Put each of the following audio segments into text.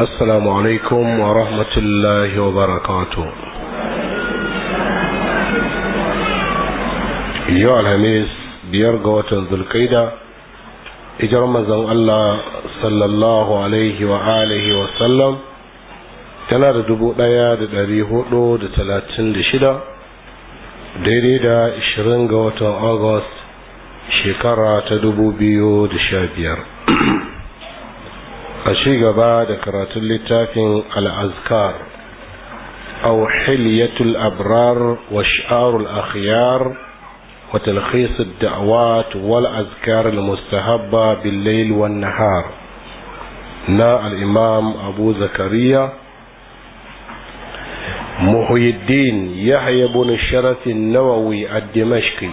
السلام عليكم ورحمة الله Yau Alhamis biyar ga watan القيدة إجر مزن Allah صلى الله عليه وآله وسلم tana da dubu ɗaya da ɗari hudu da talatin da shida daidai da ashirin ga watan agust shekara ta dubu biyu da sha biyar a shi gaba da karatun littafin al'azkar au hilyatul abrar wa sha'arul akhyar wa talkhisud da'awat wal azkar mustahabba bil wan nahar na al imam abu zakariya muhyiddin yahya ibn sharafin nawawi a dimashki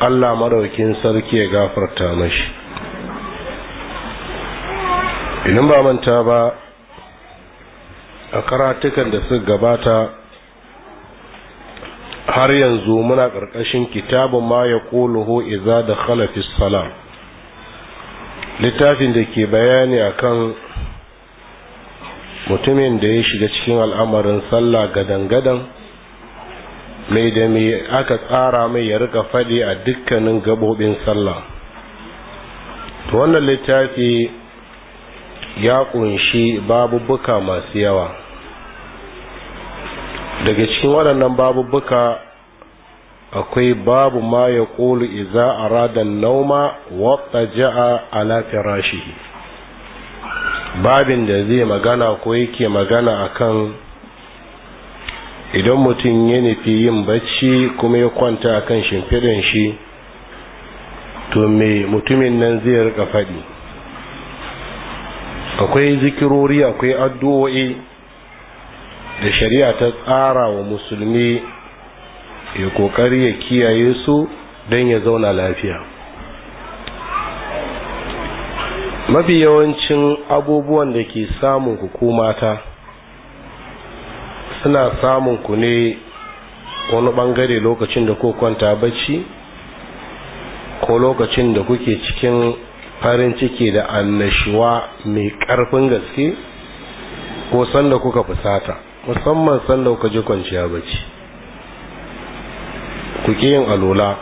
Allah maraukin sarki ya gafarta mashi idan ba manta ba a karatukan da suka gabata har yanzu muna ƙarƙashin kitabun ma ya ƙoluhu iza da khalafis salam littafin da ke bayani akan mutumin da ya shiga cikin al'amarin sallah gadan-gadan mai da mai aka tsara mai ya rika faɗi a dukkanin gabobin sallah to wannan littafi ya kunshi babubuka masu yawa daga cikin waɗannan babubuka akwai babu ma ya ƙulu iza a radar nauma wata ja'a ala rashi babin da zai magana ko yake magana akan idan mutum ya nufi yin bacci kuma ya kwanta akan shimfiɗin shi to me mutumin nan zai rika faɗi akwai zikirori akwai addu'o'i da shari'a ta tsara wa musulmi ya kokari ya kiyaye su don ya zauna lafiya mafi yawancin abubuwan da ke samun hukumata suna samun ku ne wani bangare lokacin da ko kwanta bacci ko lokacin da kuke cikin farin ciki da annashuwa mai ƙarfin gaske ko sanda kuka fusata musamman sanda kuka ji kwanciya bacci ku ƙi yin alola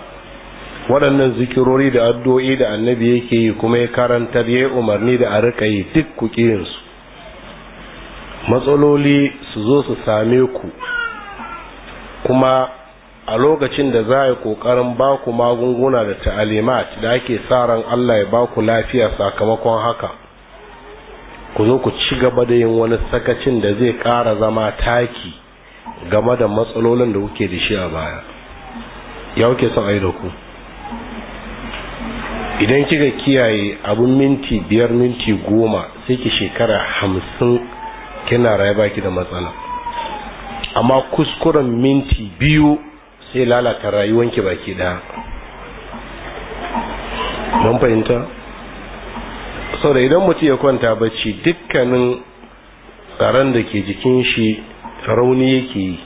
waɗannan zikirori da addu'o'i da annabi yake yi kuma ya karantar ya umarni da a rika yi duk ku su matsaloli su zo su same ku kuma a lokacin da za a yi ƙoƙarin ba ku magunguna da ta'alimat da ake sa ran Allah ya ba ku lafiya sakamakon haka ku zo ku ci gaba da yin wani sakacin da zai ƙara zama taki game da matsalolin da kuke da shi a baya ya kuke son ai da ku idan kika kiyaye abun minti biyar minti goma sai ki shekara hamsin kina raye ki da matsala amma kuskuren minti biyu sai lalata rayuwanki baki daya don fahimta saboda idan mutum ya kwanta bacci dukkanin tsaron da ke jikin shi rauni yake yi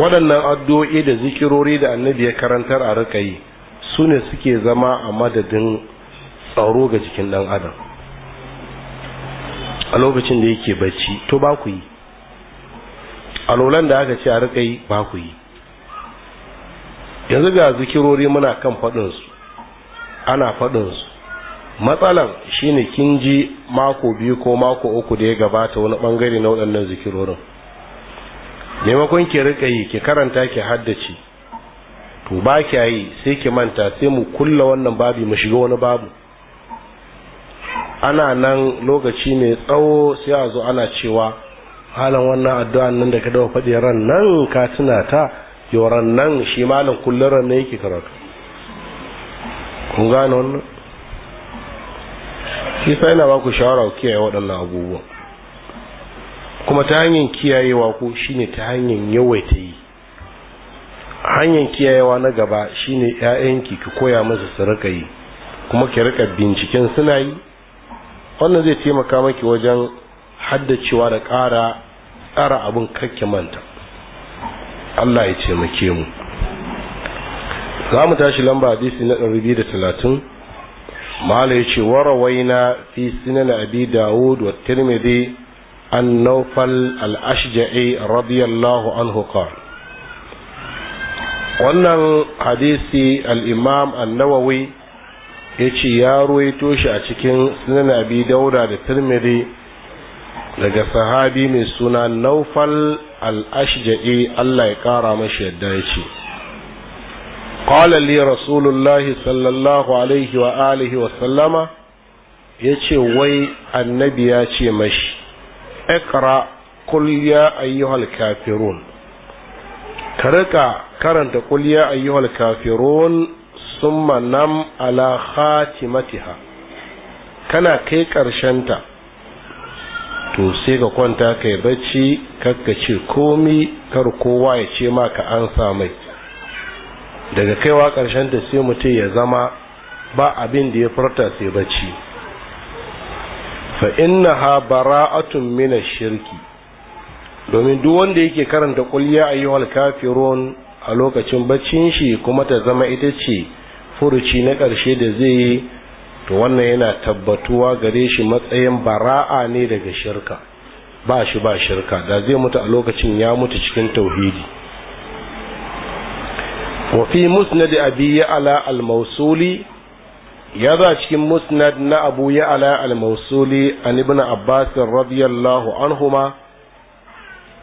waɗannan addu'o'i da zikirori da annabi ya karantar a rika su ne suke zama a madadin tsaro ga jikin ɗan adam a lokacin da yake bacci to ba ku yi alolan da aka ce a rika yi ba ku yi yanzu ga zikirori muna kan faɗinsu ana faɗinsu matsalan shine kin ji mako biyu ko mako uku da ya gabata wani bangare na waɗannan zikirorin maimakon ki rika yi ki karanta ki haddace to ba ki yi sai ki manta sai mu kulla wannan babi mu shiga wani babu ana nan lokaci mai tsawo sai a zo ana cewa malam wannan addu'an nan da ka dawo faɗi ran nan ka tuna ta yoran nan shi malam kullum ran ne yake karatu kun gane wannan shi sai na baku shawara ku kiyaye waɗannan abubuwan kuma ta hanyar kiyayewa ku shine ta hanyar yawaita yi hanyar kiyayewa na gaba shine ƴaƴanki ki koya musu su rika yi kuma ki rika binciken suna yi wannan zai taimaka maki wajen cewa da ƙara tsara abin kakke manta Allah ya taimake mu za mu tashi lamba hadisi na 230 mala ya ce warawaina fi sinan abi dawud wa tirmidhi an naufal al-ashja'i radiyallahu anhu qala wannan hadisi al'imam an ya yace ya ruwaito shi a cikin sunan abi daura da tirmidhi daga sahabi mai suna naufal al-ashja'i Allah ya ƙara mashi yadda ya ce qala li rasulullahi sallallahu alaihi wa alihi wa sallama yace wai annabi ya ce mashi ikra kulya ya ayyuhal kafirun ka rika karanta kul ya ayyuhal kafirun summa nam ala khatimatiha kana kai ƙarshenta to sai ka kwanta kai bacci kakka ce komi kar kowa ya ce maka an mai daga kaiwa ƙarshen ta sai mutum ya zama ba abin da ya furta sai bacci fa innaha bara'atun min shirki domin duk wanda yake karanta qul a ayyuhal kafirun a lokacin baccin shi kuma ta zama ita ce furuci na ƙarshe da zai yi to wannan yana tabbatuwa gare shi matsayin bara'a ne daga shirka ba shi ba shirka da zai mutu a lokacin ya mutu cikin tauhidi wa musnad abi ya'la al-mawsuli ya za cikin musnad na abu ya'la al-mawsuli an ibn abbas radiyallahu anhuma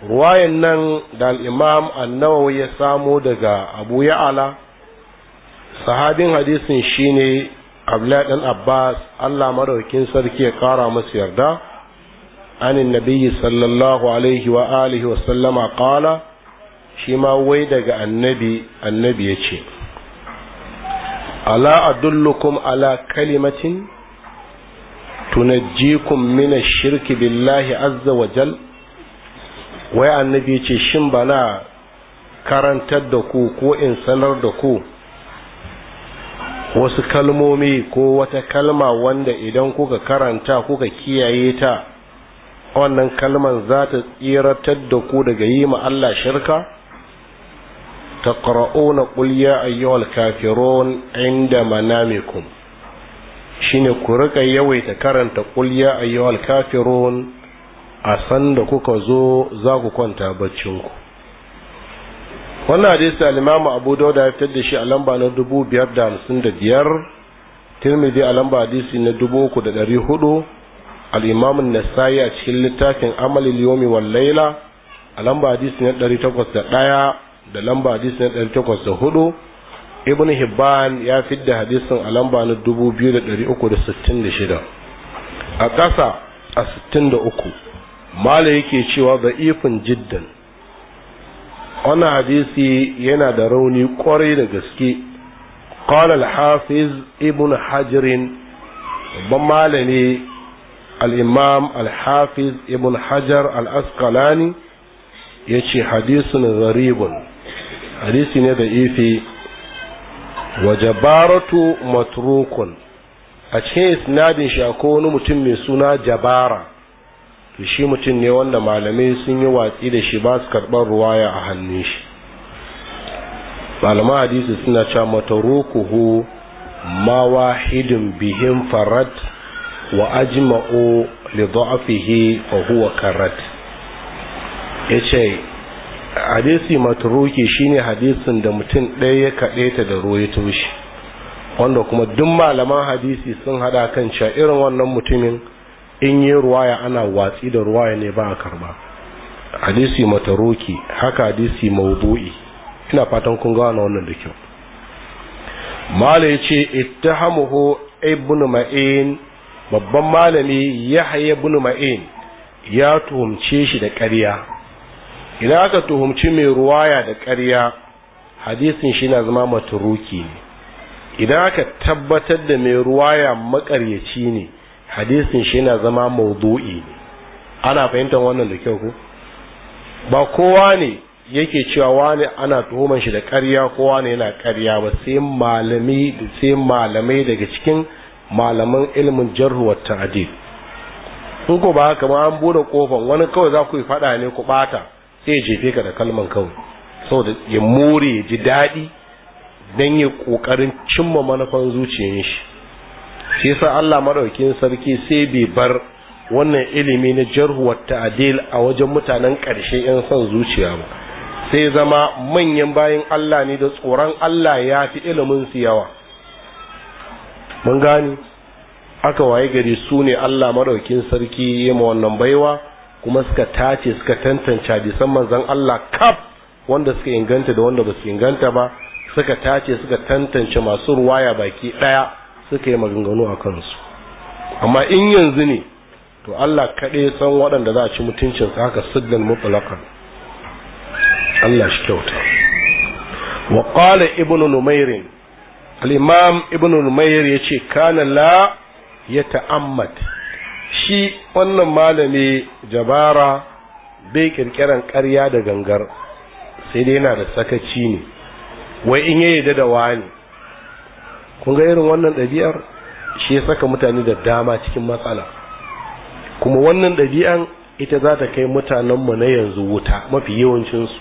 ruwayan nan da al-imam an-nawawi ya samo daga abu ala? sahabin hadisin shine abdullahi dan abbas allah maraukin sarki ya kara masa yarda anin nabiyyi sallallahu alaihi wa alihi wa sallama qala shi ma wai daga annabi annabi ya ce ala adullukum ala kalimatin tunajjikum min ash-shirki billahi azza wa jal wai annabi yace ce shin bana karantar da ku ko in sanar da ku wasu kalmomi ko wata kalma wanda idan kuka karanta kuka kiyaye ta wannan kalman za ta tsiratar da ku daga yi ma Allah shirka ƙulya a ya ayyuhal kafirun inda manamikum shine ku rika yawaita karanta ƙulya ya ayyuhal kafirun a sanda kuka zo za ku kwanta baccinku wannan hadisi al imamu Abu Dawud ya fitar da shi a lamba na 2555 Tirmidhi a lamba hadisi na 3400 al imamu nasai a cikin littafin amali Yawmi wal Layla a lamba hadisi na 801 da lamba hadisi na 804 Ibn Hibban ya fitar da hadisin a lamba na 2366 a ƙasa a 63 malai yake cewa ifin jiddan wannan hadisi yana da rauni kwarai da gaske قال الحافظ ابن حجر بمالني الإمام الحافظ ابن حجر الأسقلاني يشي حديث غريب حديث ضعيف وجبارة متروك أشهي إسناد شاكون متم سنة جبارة to shi mutum ne wanda malamai sun yi watsi da shi ba su karɓar ruwaya a hannun shi malaman hadisi suna cewa matarukuhu ma wahidin Bihin, farad wa Ajima'u, li da'afihi fa huwa karat yace hadisi matruki shine hadisin da mutum ɗaya ya kaɗeta da ruwa ya tushe wanda kuma duk malaman hadisi sun hada kan cewa irin wannan mutumin in yi ruwaya ana watsi da ruwaya ne ba a karba hadisi mataroki haka hadisi maudu'i ina fatan kun ga wannan da kyau malai ce ittahamuhu ibn ma'in babban malami yahya ibn ma'in ya tuhumce shi da ƙarya idan aka tuhumci mai ruwaya da ƙarya hadisin shi na zama mataroki ne idan aka tabbatar da mai ruwaya maƙaryaci ne hadisin shi yana zama maudu'i ana fahimtar wannan da kyau ko ba kowa ne yake cewa wani ana tuhuman shi da ƙarya kowa ne yana ƙarya ba sai malami sai malamai daga cikin malaman ilmin jarhu wa ta'dil ko ba haka ma an bude kofan wani kawai za ku yi fada ne ku bata sai ya jefe ka da kalman kawai saboda ya more ya ji daɗi dan ya ƙoƙarin cimma manufan zuciyar shi shi yasa Allah madaukin sarki sai bai bar wannan ilimi na jarhuwar wa a wajen mutanen ƙarshe yan son zuciya ba sai zama manyan bayan Allah ne da tsoron Allah ya fi ilimin su yawa mun gani aka waye gari su ne Allah madaukin sarki ya ma wannan baiwa kuma suka tace suka tantance bisan manzon Allah kaf wanda suka inganta da wanda ba su inganta ba suka tace suka tantance masu ruwaya baki ɗaya. suka yi maganganu a kansu amma in yanzu ne to Allah kaɗai san waɗanda za a ci mutuncin su haka siddan mutlaqan Allah shi kyauta wa qala ibnu numair al-imam ibnu numair yace kana la yata'ammad shi wannan malami jabara bai kirkiran ƙarya da gangar sai dai yana da sakaci ne wai in ya yarda da wani kun ga irin wannan ɗabi'ar shi ya saka mutane da dama cikin matsala kuma wannan ɗabi'an ita za ta kai mutanenmu na yanzu wuta mafi yawancinsu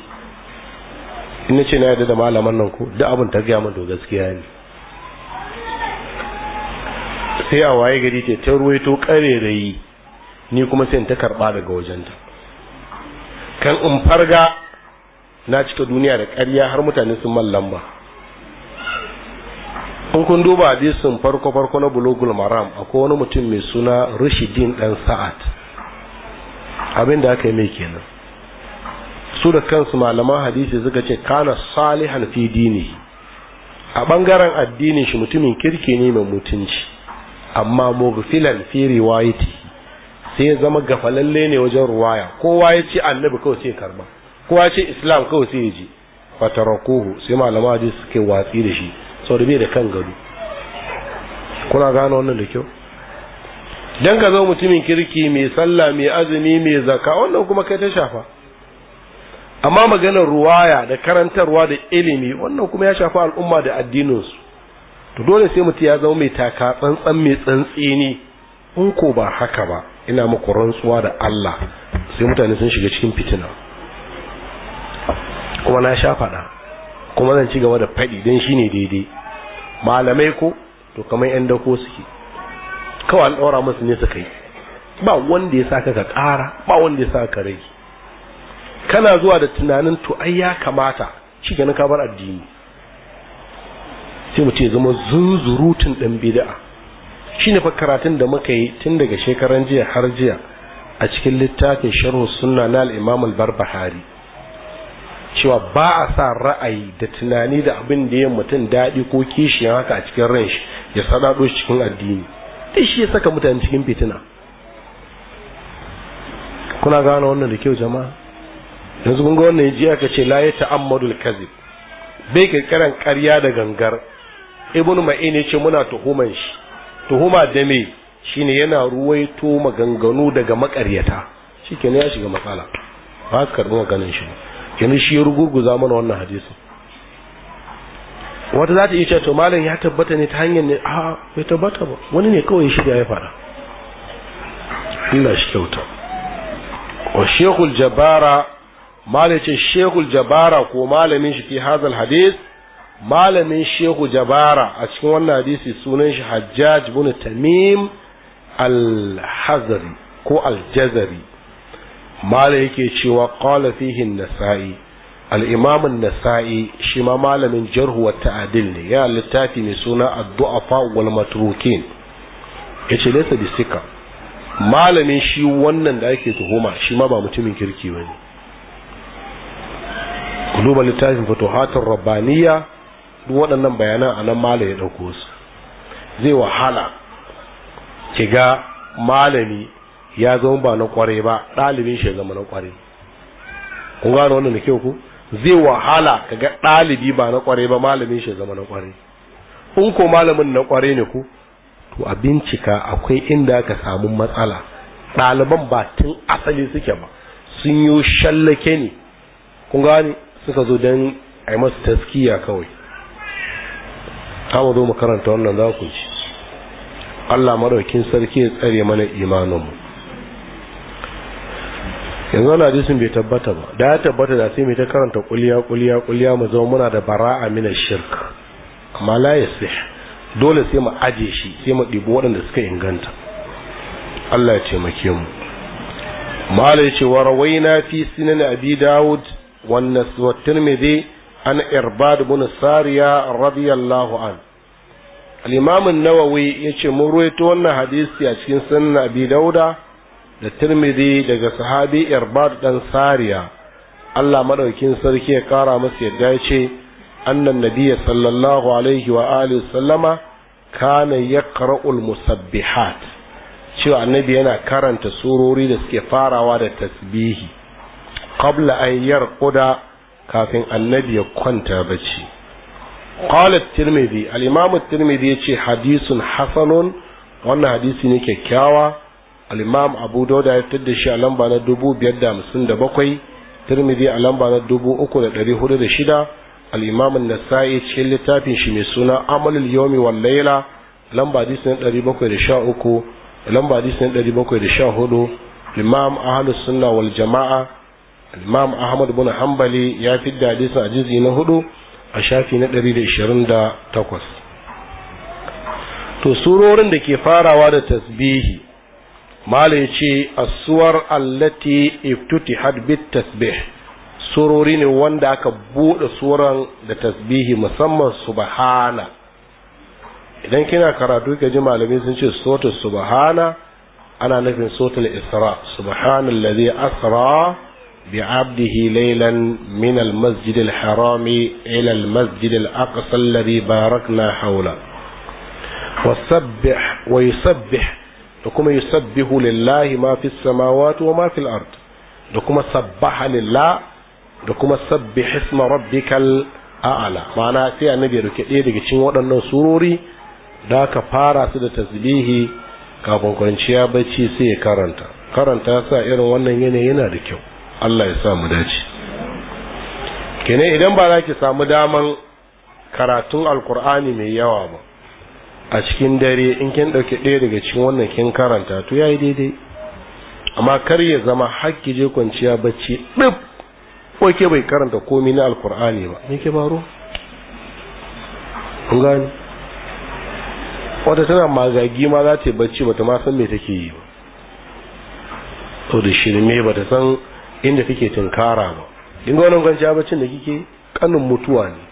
ina ce na yadda da malaman nan ko duk abin ta gaya da gaskiya ne sai a waye gari ce ta ruwaito ƙarerayi ni kuma sai ta karɓa daga wajenta kan in farga na cika duniya da ƙarya har mutane sun man lamba in kun duba hadisin farko farko na bulugul maram akwai wani mutum mai suna rashidin dan sa'ad abin da aka yi mai kenan su da kansu malaman hadisi suka ce kana salihan fi dini a bangaren addinin shi mutumin kirki ne mai mutunci amma mughfilan fi riwayati sai ya zama gafalalle ne wajen ruwaya kowa ya ce annabi kawai sai karba kowa ya ce islam kawai sai ya ji fatarakuhu sai malaman hadisi suke watsi da shi sau da bai da kan gado kuna gano wannan da kyau Don ka zo mutumin kirki mai sallah mai azumi mai zaka wannan kuma kai ta shafa amma maganar ruwaya da karantarwa da ilimi wannan kuma ya shafa al'umma da addininsu to dole sai mutum ya zama mai taka tsantsan mai tsantsini in ko ba haka ba ina muku rantsuwa da Allah sai mutane sun shiga cikin fitina kuma na sha faɗa kuma zan ci gaba da faɗi don shi ne daidai malamai ko to kamar yan dako suke kawai an ɗora musu ne suka yi ba wanda ya sa ka ƙara ba wanda ya sa ka rage kana zuwa da tunanin to ai ya kamata shi ganin ka bar addini sai mu ce zama zuzurutun ɗan bida'a shine fa karatun da muka yi tun daga shekaran jiya har jiya a cikin littafin sharhu sunna na al-imam al-barbahari cewa ba a sa ra'ayi da tunani da abin da ya mutum daɗi ko kishiyan haka a cikin ran shi ya sadaɗo shi cikin addini duk shi ya saka mutane cikin fitina kuna gane wannan da kyau jama'a yanzu kun ga wannan yaji aka ce la ya ta'ammadul kazib bai kirkiran ƙarya da gangar ibnu ma'in ya ce muna tuhuman shi tuhuma da me shine yana ruwaito maganganu daga makaryata shikenan ya shiga matsala ba su karɓi maganin shi ba kenan shi ya rugurguza mana wannan hadisi wata za ta iya cewa to malam ya tabbata ne ta hanyar ne a bai tabbata ba wani ne kawai shi ya fara Allah shi kyauta wa shekul jabara malamin shekul jabara ko malamin shi fi hazal hadis malamin shehu jabara a cikin wannan hadisi sunan shi hajjaj bin tamim al-hazari ko al-jazari mala yake cewa qala fihi an-nasa'i al-imam an-nasa'i shi ma malamin jarh wa ta'dil ne ya littafi mai suna ad-du'afa wal matrukin yace laysa bisika malamin shi wannan da ake tuhuma shi ma ba mutumin kirki bane kuluba littafin futuhatur rabbaniya duk waɗannan bayanan nan mala ya ɗauko su zai wahala kiga malami ya zama ba na kware ba ɗalibin shi zama na kware kun gane wannan da kyau ku zai wahala kaga ɗalibi ba na kware ba malamin shi zama na kware in ko malamin na kware ne ku to a bincika akwai inda aka samu matsala ɗaliban ba tun asali suke ba sun yi shallake ne kun gane suka zo don a yi masu taskiya kawai ta zo mu karanta wannan za ku ci Allah maraukin sarki ya tsare mana imaninmu yanzu wani hadisin bai tabbata ba da ya tabbata da sai mai ta karanta kuliya kuliya kuliya mu zama muna da bara'a mina shirk amma la sai dole sai mu ajiye shi sai mu ɗibo waɗanda suka inganta Allah ya taimake mu mala ce wa rawaina fi sinan abi daud wan tirmidhi an irbad ibn sariya radiyallahu an al-imam an-nawawi yace mun ruwaito wannan hadisi a cikin sunan abi dauda da tirmidhi daga sahabi irbad dan sariya Allah madaukin sarki ya kara masa yadda ya ce annan Nabiya sallallahu alaihi wa alihi sallama kana yaqra'ul musabbihat cewa annabi yana karanta surori da suke farawa da tasbihi qabla an yarquda kafin annabi ya kwanta bacci qala at-tirmidhi al-imam at-tirmidhi yace hadithun hasanun wannan hadisi ne kyakkyawa al-imam abu dauda ya fitar da shi a lamba na dubu biyar da da hamsin bakwai tirmidhi a lamba na dubu uku da 3406 al-imam an-nasa'i cikin littafin shi mai suna amalul yawmi wal layla lamba hadisi na bakwai da sha 713 lamba hadisi na bakwai 714 al-imam ahlus sunna wal jama'a al-imam ahmad ibn hanbali ya fitar da hadisin a jizi na hudu a shafi na da da ishirin takwas. to surorin da ke farawa da tasbihi mala ya ce asuwar allati iftutihat bit tasbih surori ne wanda aka buɗe suran da tasbihi musamman subhana idan kina karatu ka ji malamai sun ce sotu subhana ana nufin sotul isra subhanallazi asra bi abdihi laylan min almasjid alharami ila almasjid alaqsa alladhi barakna hawla وسبح ويسبح da kuma yusabbihu lillahi ma fi samawati wa ma fil ard da kuma sabbaha lillah da kuma sabbih isma rabbikal a'ala ma'ana sai annabi roke ɗaya daga cikin waɗannan surori da ka fara su da tasbihi kafin kwanciya bacci sai ya karanta karanta sa irin wannan yanayi yana da kyau Allah ya sa mu dace kene idan ba za ki samu daman karatun alkur'ani mai yawa ba a cikin dare in kin ɗauki ɗaya daga cikin wannan kin karanta to ya yi daidai amma kar ya zama hakki je kwanciya bacci ɗib ko ke bai karanta komi na alkur'ani ba me ke baro kun gani wata tana magagi ma za ta yi bacci bata ma san me take yi ba to da shirme bata san inda take tunkara ba kin ga wannan kwanciya baccin da kike kanin mutuwa ne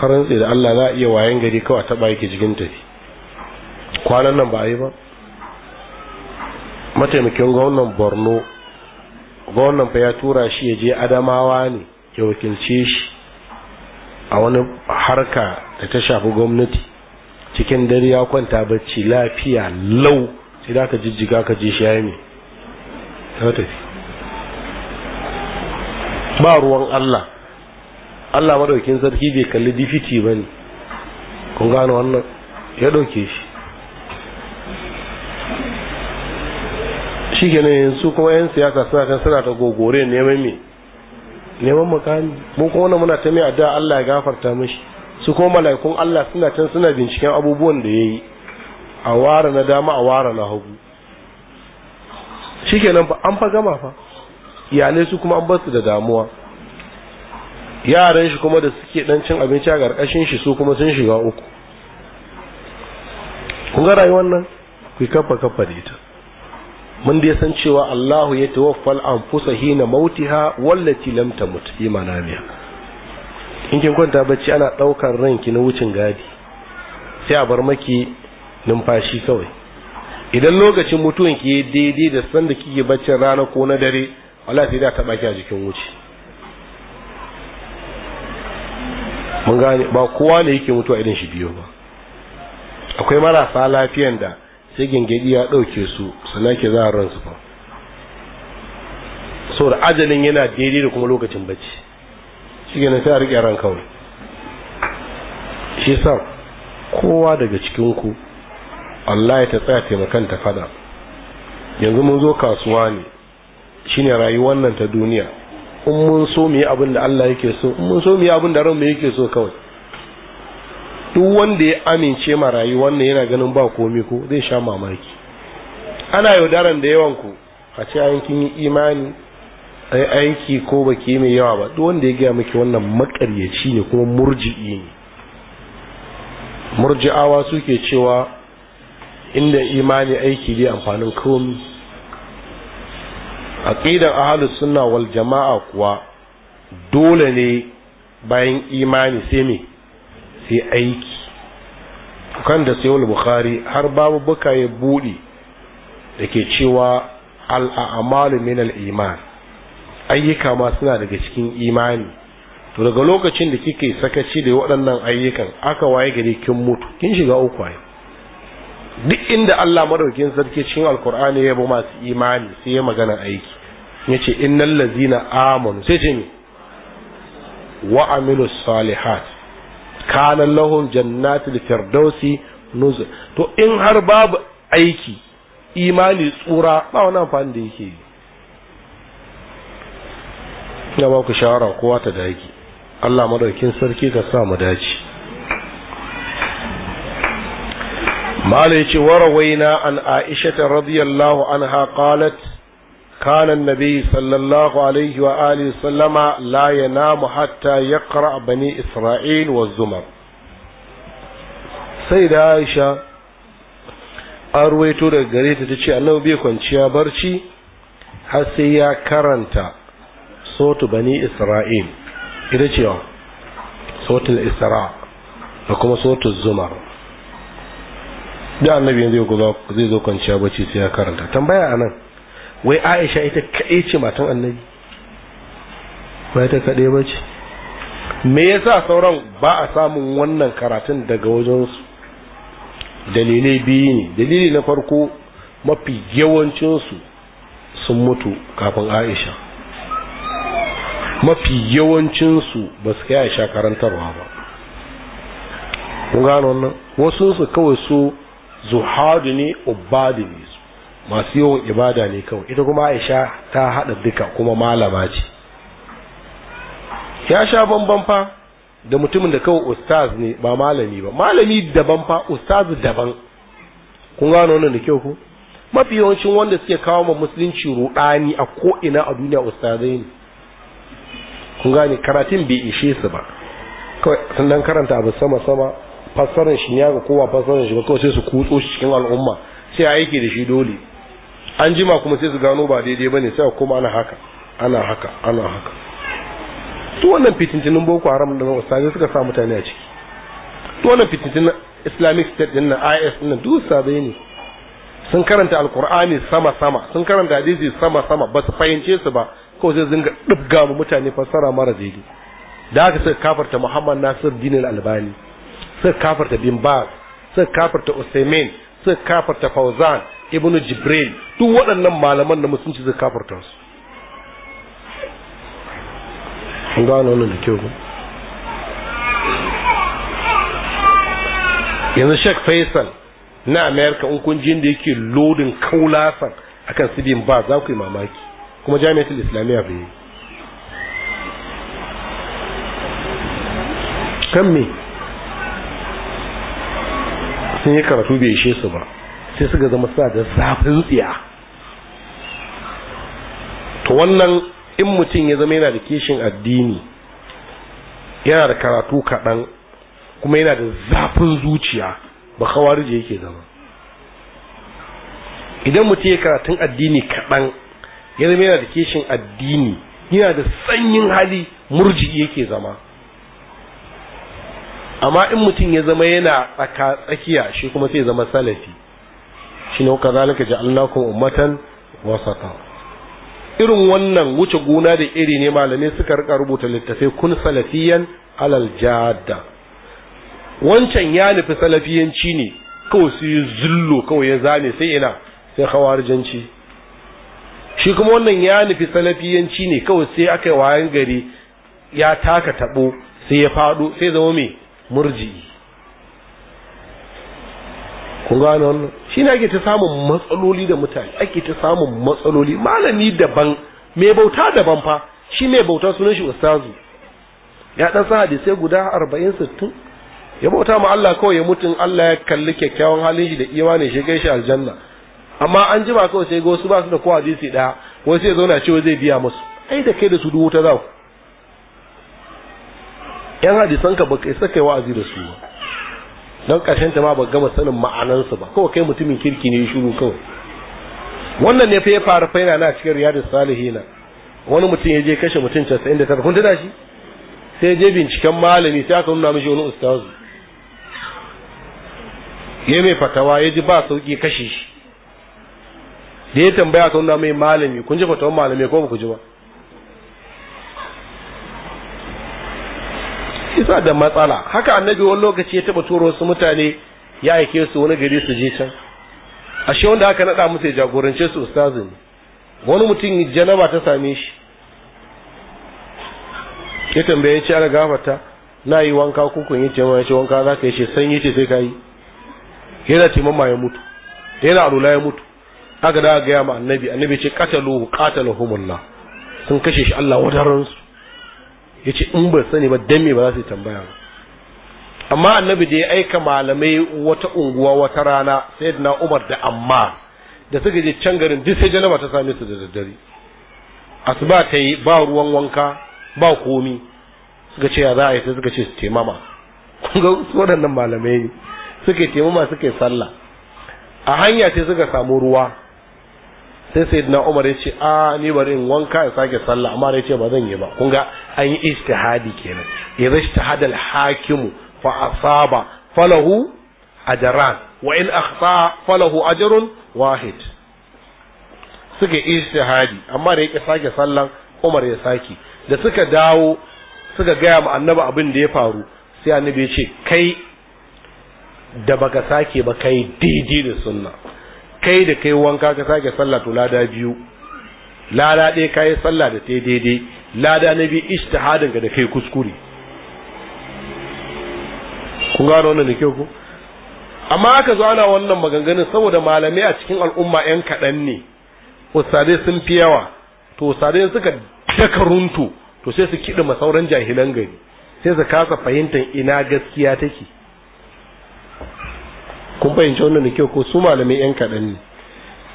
karan da Allah za a iya wayan gari kawai taɓa yake jikin tafi kwanan nan ba a yi ba mataimakin gwamnan borno gwamnan fa ya tura shi ya je adamawa ne ya wakilce shi a wani harka da ta shafi gwamnati cikin dare ya kwanta bacci lafiya lau sai da ka jijjiga ka je shi ya yi ba ruwan Allah Allah madaukin sarki bai kalli difiti ba ne kun gano wannan ya ɗauke shi shi ke ne kuma 'yan siyasa suna kan suna ta gogore neman me neman makami mun kuma wani muna ta mai adda Allah ya gafarta mashi su kuma mala'ikun Allah suna can suna binciken abubuwan da ya yi a ware na dama a ware na hagu shi ke nan an fa gama fa iyalai su kuma an basu da damuwa yaran shi kuma da suke dan cin abinci a karkashin shi su kuma sun shiga uku kun ga rayuwar nan ku kafa kafa da ita mun dai san cewa Allahu ya tawaffal anfusa hina mautiha wallati lam tamut biya in kin kwanta bacci ana daukar ranki na wucin gadi sai a bar maki numfashi kawai idan lokacin mutuwan ki daidai da sanda kike baccin rana ko na dare wallahi sai da taba ki a jikin wuce mun gane ba kowa ne yake mutuwa idan shi biyu ba akwai marasa lafiyan da sai gengedi ya ɗauke su sannan ke za a ransu ba da ajalin yana daidai da kuma lokacin bacci shi ne sai a riƙe ran kawai shi sa kowa daga cikinku Allah ya ta tsaya taimakon ta fada yanzu mun zo kasuwa ne shine rayuwar nan ta duniya in mun so mu yi abin da Allah yake so in mun so mu yi abin da ranmu yake so kawai duk wanda ya amince ma rayu wannan yana ganin ba komi ko zai sha mamaki ana yaudaran da yawan ku a ce an kin yi imani ai aiki ko baki mai yawa ba duk wanda ya gaya miki wannan makaryaci ne kuma murji'i ne murji'awa suke cewa inda imani aiki dai amfanin komi aqidar ahlus sunna wal jama'a kuwa dole ne bayan imani sai me sai aiki kan da sayyid bukhari har babu buka ya budi dake cewa al a'malu min al iman ayyuka ma suna daga cikin imani to daga lokacin da kike sakaci da waɗannan ayyukan aka waye gare kin mutu kin shiga uku ai duk inda Allah madaukakin sarki cikin alkur'ani ya bi masu imani sai ya magana aiki ya ce innal lazina amanu sai ce ni wa amilu salihat kana lahum jannatu firdausi nuzul to in har babu aiki imani tsura ba wani amfani da yake yi ina ba ku shawara kowa ta dage Allah madaukakin sarki ka sa mu dace mala yace warawaina an aisha radiyallahu anha qalat كان النبي صلى الله عليه وآله وسلم لا ينام حتى يقرأ بني إسرائيل والزمر سيدة عائشة أرويتو لغريت تشي أنه بيكون شيا برشي حسيا كرنتا صوت بني إسرائيل إذا شيا صوت الإسراء وكما صوت الزمر da annabi yanzu ya zai zo kwanciya bacci sai ya karanta tambaya anan wai aisha ita kaɗai ce matan annabi ba ita kaɗai ba ce me yasa sauran ba a samun wannan karatun daga wajensu dalilai biyu ne dalili na farko mafi yawancinsu sun mutu kafin aisha mafi yawancinsu ba su kai aisha karantarwa ba kun gano wannan wasu su kawai su zuhadu ne ubadu ne masu yawan ibada ne kawai ita kuma aisha ta haɗa duka kuma malama ce ya sha bamban fa da mutumin da kawai ustaz ne ba malami ba malami daban fa ustaz daban kun gano wannan da kyau ku mafi yawancin wanda suke kawo ma musulunci rudani a ko ina a duniya ustazai ne kun gane karatun bai ishe su ba kawai sun karanta abu sama sama fassarar shi ya ga kowa fassarar shi ba kawai sai su kutso shi cikin al'umma sai aiki da shi dole an jima kuma sai su gano ba daidai bane sai kuma ana haka ana haka ana haka to wannan fitintinin boko haram da ustazai suka sa mutane a ciki to wannan fitintinin islamic state din nan is din nan duk sabai ne sun karanta alkur'ani sama sama sun karanta hadisi sama sama ba su fahimce su ba kawai sai zinga dubga mu mutane fassara mara daidai da haka sai kafarta muhammad nasir dinin albani suka kafarta bin baz suka kafarta usaimin suka kafarta fauzan ibnu jibril duk waɗannan malaman na musulunci suka kafarta su an gano wannan da kyau yanzu shek faisal na amerika in kun da yake lodin kaulasan akan su bin ba za ku yi mamaki kuma jami'atul islamiyya bai yi kan me sun yi karatu bai ishe su ba sai suka zama suna da zafin tsiya to wannan in mutum ya zama yana da kishin addini yana da karatu kaɗan kuma yana da zafin zuciya ba kawarije yake zama idan mutum ya karatun addini kaɗan ya zama yana da kishin addini yana da sanyin hali murji yake zama amma in mutum ya zama yana tsaka tsakiya shi kuma sai zama salafi shi ne ji allakun ummatan wasata irin wannan wuce gona da iri ne malamai suka rika rubuta littafai kun salafiyan alal jada wancan ya nufi salafiyanci ne kawai su yi zullo kawai ya zane sai ina sai janci? shi kuma wannan ya nufi salafiyanci ne kawai sai aka yi wayan gari ya taka tabo sai ya fado sai zama mai murji kun gano wannan shi ne ake ta samun matsaloli da mutane ake ta samun matsaloli malami daban mai bauta daban fa shi mai bauta sunan shi ustazu ya dan sa guda arba'in sittin ya bauta ma Allah kawai ya mutun Allah ya kalli kyakkyawan halin shi da iwa ne shi shi aljanna amma an ji ba kawai sai ga wasu ba su da ko hadisi daya wai sai ya zauna cewa zai biya musu ai da kai da su dubu ta za yan hadisan ka baka isa kai wa'azi da su ba don ƙarshen ta ma ba gama sanin ma'anansu ba kawai kai mutumin kirki ne shiru kawai wannan ne fa ya faru fa yana na cikin riyadus salihina wani mutum ya je kashe mutum 99 kun tuna shi sai je binciken malami sai aka nuna mishi wani ustazu ya mai fatawa ya ji ba sauki kashe shi da ya tambaya aka nuna mai malami kun ji fatawan malami ko ba ku ji ba isa da matsala haka annabi wani lokaci ya taba turo su mutane ya aike su wani gari su je can ashe wanda aka nada musu ya jagorance su ustazu ne wani mutum janaba ta same shi ya tambaye ce ana gafata na yi wanka kukun yi ce ce wanka za ka yi shi sanyi ce sai ka yi yana ce mamma ya mutu yana alula ya mutu aka da gaya ma annabi annabi ce katalu humulla sun kashe shi Allah wadaransu ya ce in ba sani ba dan me ba za su yi tambaya ba amma annabi da ya aika malamai wata unguwa wata rana sai na umar da amma da suka je can garin duk sai janaba ta same su da daddare asuba ta yi ba ruwan wanka ba komi suka ce ya za a yi sai suka ce su taimama kun ga waɗannan malamai ne suka taimama suka yi sallah a hanya sai suka samu ruwa sai sai na umar ya ce a ah, ni bari in wanka ya sake sallah amma ya ce ba zan yi ba kun ga an yi istihadi kenan idza istahada al-hakimu fa asaba falahu ajran wa in akhta falahu ajrun wahid suka istihadi amma da yake sake sallan Umar ya saki da suka dawo suka gaya ma annabi abin da ya faru sai annabi ya ce kai da baka sake ba kai daidai da sunna kai da kai wanka ka sake sallah to lada biyu lada ɗaya ka yi sallah da ta daidai lada na bi ijtihadin ga da kai kuskure kun gano wannan da kyau ko amma aka zo ana wannan maganganun saboda malamai a cikin al'umma yan kaɗan ne ustadai sun fi yawa to ustadai suka daka runtu to sai su kiɗa sauran jahilan gari sai su kasa fahimtar ina gaskiya take kun fahimci wannan da kyau ko su malamai yan kaɗan ne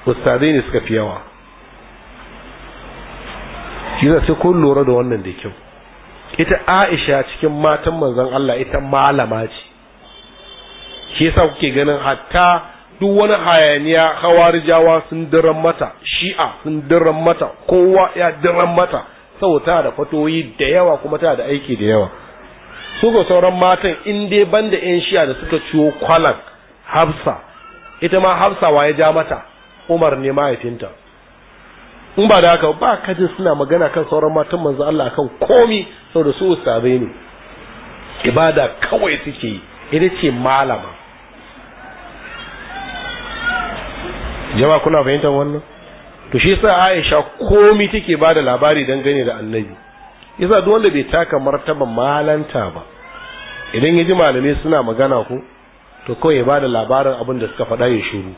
ustadai ne suka fi yawa shi sai kun lura da wannan da kyau ita aisha cikin matan manzon Allah ita malama ce shi yasa kuke ganin hatta duk wani hayaniya hawarijawa sun diran mata shi'a sun diran mata kowa ya diran mata sauta da fatoyi da yawa kuma ta da aiki da yawa su ga sauran matan in dai banda yan shi'a da suka ciwo kwalan hafsa ita ma hafsa wa ya ja mata umar ne mahaifinta in ba da haka ba jin suna magana kan sauran matan manzo Allah kan komi saboda su ustazai ne ibada kawai suke yi ita ce malama Jam'a kuna fahimtar wannan to shi sa Aisha komi take ba da labari don gani da Annabi yasa duk wanda bai taka martaban malanta ba idan yaji malamai suna magana ko to kawai ya ba da labarin abin da suka faɗa ya shiru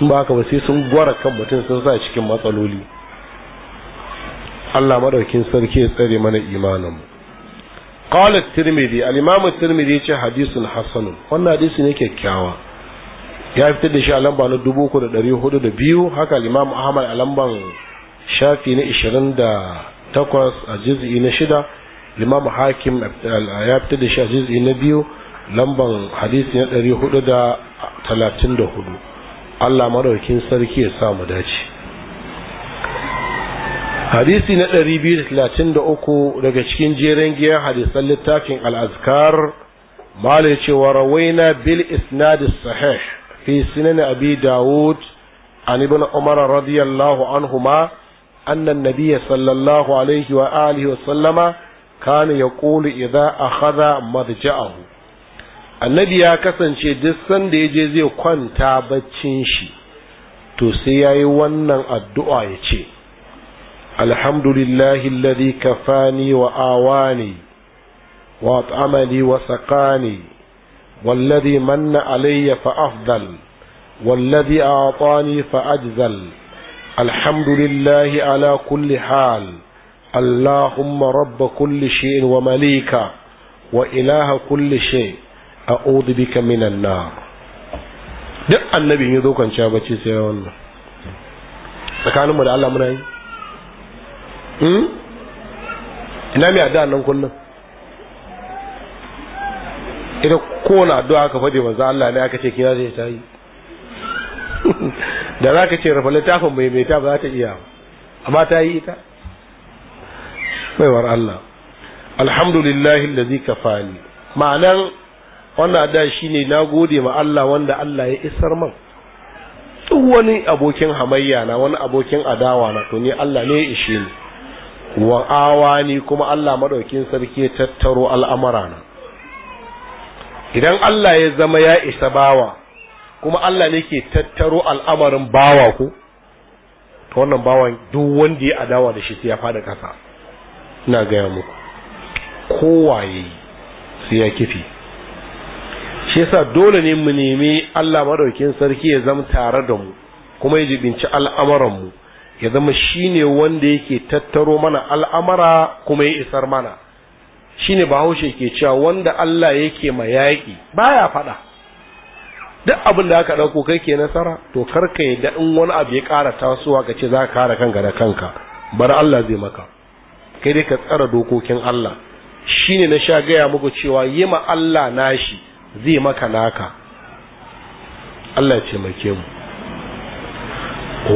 in ba haka ba sai sun gwara kan mutum sun sa cikin matsaloli Allah madaukin sarki ya tsare mana imanin mu qala at-tirmidhi al-imam at-tirmidhi yace hadithun hasan wannan hadisi ne kyakkyawa ya fitar da shi a lamba na 3402 haka al-imam ahmad a lamban shafi na 28 a juz'i na 6 al-imam hakim ya fitar da shi a juz'i na 2 lamban hadisi na 434 Allah madaukin sarki ya sa mu dace hadisi na 233 daga cikin jerin giyar hadisan littafin al-azkar malai cewa rawaina bil isnadi sahih fi sunan abi daud an ibn umar radiyallahu anhuma أن النبي alaihi wa عليه وآله وسلم كان يقول إذا أخذ مضجعه annabi ya kasance duk sanda ya je zai kwanta baccin shi to sai ya yi wannan addu’a ya ce alhamdulillahi lalli kafani wa awani wa amali wa sakani wallazi manna alayya fa afdal wallazi atani fa ajzal ala kulli hal allahumma rabba kulli shay'in wa malika wa ilaha kulli a'udhu bika minan nar duk annabi ya zo kwanciya bacci sai ya wannan tsakanin mu da Allah muna yi hmm ina mai addu'a nan kullum ita kowane addu'a ka fade manzo Allah ne aka ce ki za ta yi da za ka ce rafa littafin mai mai ta ba za ta iya amma ta yi ita baiwar Allah alhamdulillahi allazi kafani ma'anar. wannan da shi ne na gode ma Allah wanda Allah ya isar man duk wani abokin hamayya na wani abokin adawa na to ni Allah ne ya ishe ni wa awani kuma Allah madaukin sarki tattaro al'amara na idan Allah ya zama ya isa bawa kuma Allah ne ke tattaro al'amarin bawa ku to wannan bawan duk wanda ya adawa da shi sai ya fada kasa ina gaya muku kowaye sai ya kifi shi yasa dole ne mu nemi Allah madaukin sarki ya zama tare da mu kuma ya jibinci al'amuran mu ya zama shine wanda yake tattaro mana al'amara kuma ya isar mana shine bahaushe ke cewa wanda Allah yake ma yaƙi baya faɗa duk abin da aka ɗauko kai ke nasara to kar ka yadda in wani abu ya ƙara tasowa ka ce za ka kare kanka da kanka bar Allah zai maka kai dai ka tsara dokokin Allah shine na sha gaya muku cewa yi ma Allah nashi zai maka naka Allah ya taimake mu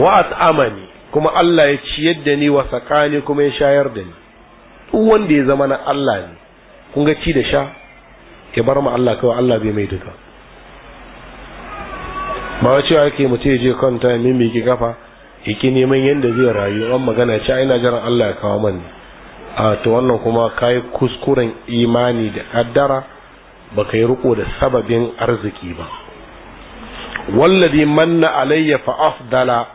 wa amani. kuma Allah ya ciyar da ni wa sakani kuma ya shayar da ni duk wanda ya zama na Allah ne kun ga ci da sha ya bar mu Allah kawai Allah bai mai duka ba cewa yake mutum ya je kwanta ya mimiki kafa yake neman yadda zai rayu an magana ce ina jiran Allah ya kawo mani a to wannan kuma kai kuskuren imani da kaddara baka yi riko da sababin arziki ba wallazi manna alayya fa afdala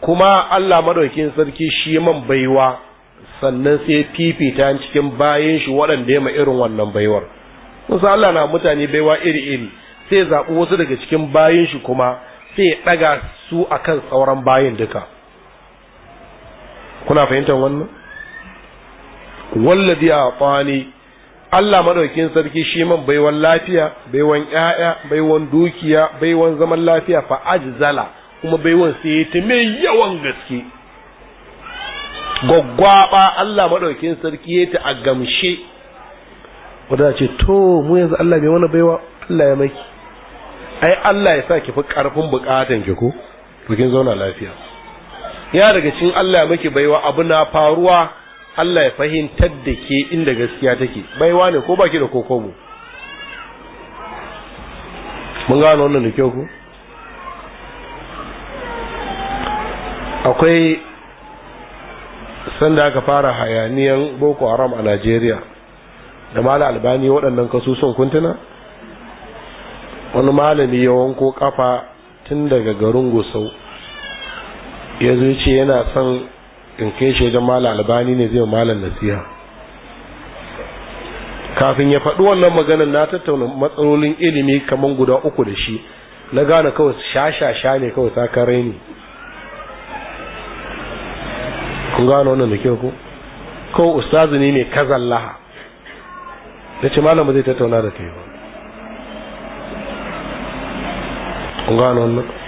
kuma Allah madaukin sarki shi man baiwa sannan sai fifita cikin bayan shi waɗanda ya ma irin wannan baiwar musa Allah na mutane baiwa iri iri sai zaɓi wasu daga cikin bayan shi kuma sai ya ɗaga su akan sauran bayin duka kuna fahimtar wannan wallazi a tsani Allah madaukin sarki shi man baiwan lafiya baiwan ƴaƴa baiwan dukiya baiwan zaman lafiya fa ajzala kuma baiwan sai ta mai yawan gaske gwaggwaba Allah madaukin sarki ya ta a gamshe wanda ce to mu yanzu Allah mai wani baiwa Allah ya maki ai Allah ya sa ki fi karfin bukatan ki ko to kin zauna lafiya ya daga cikin Allah ya maki baiwa abu na faruwa Allah ya fahimtar da ke inda gaskiya take baiwa ne ko baki da koko mu mun gano wannan da kyau ku akwai sanda aka fara hayaniyan boko haram a Najeriya da mala albani waɗannan kasusun kuntuna wani malami ya wanko kafa tun daga garin gusau ya ce yana son in kai shi wajen malam albani ne zai malam nasiha kafin ya faɗi wannan maganar na tattauna matsalolin ilimi kamar guda uku da shi na gane kawai shashasha ne kawai sakarai ne kun gano wannan da kyau ko kawai ustazu ne mai laha da ce malama zai tattauna da kai kun gano wannan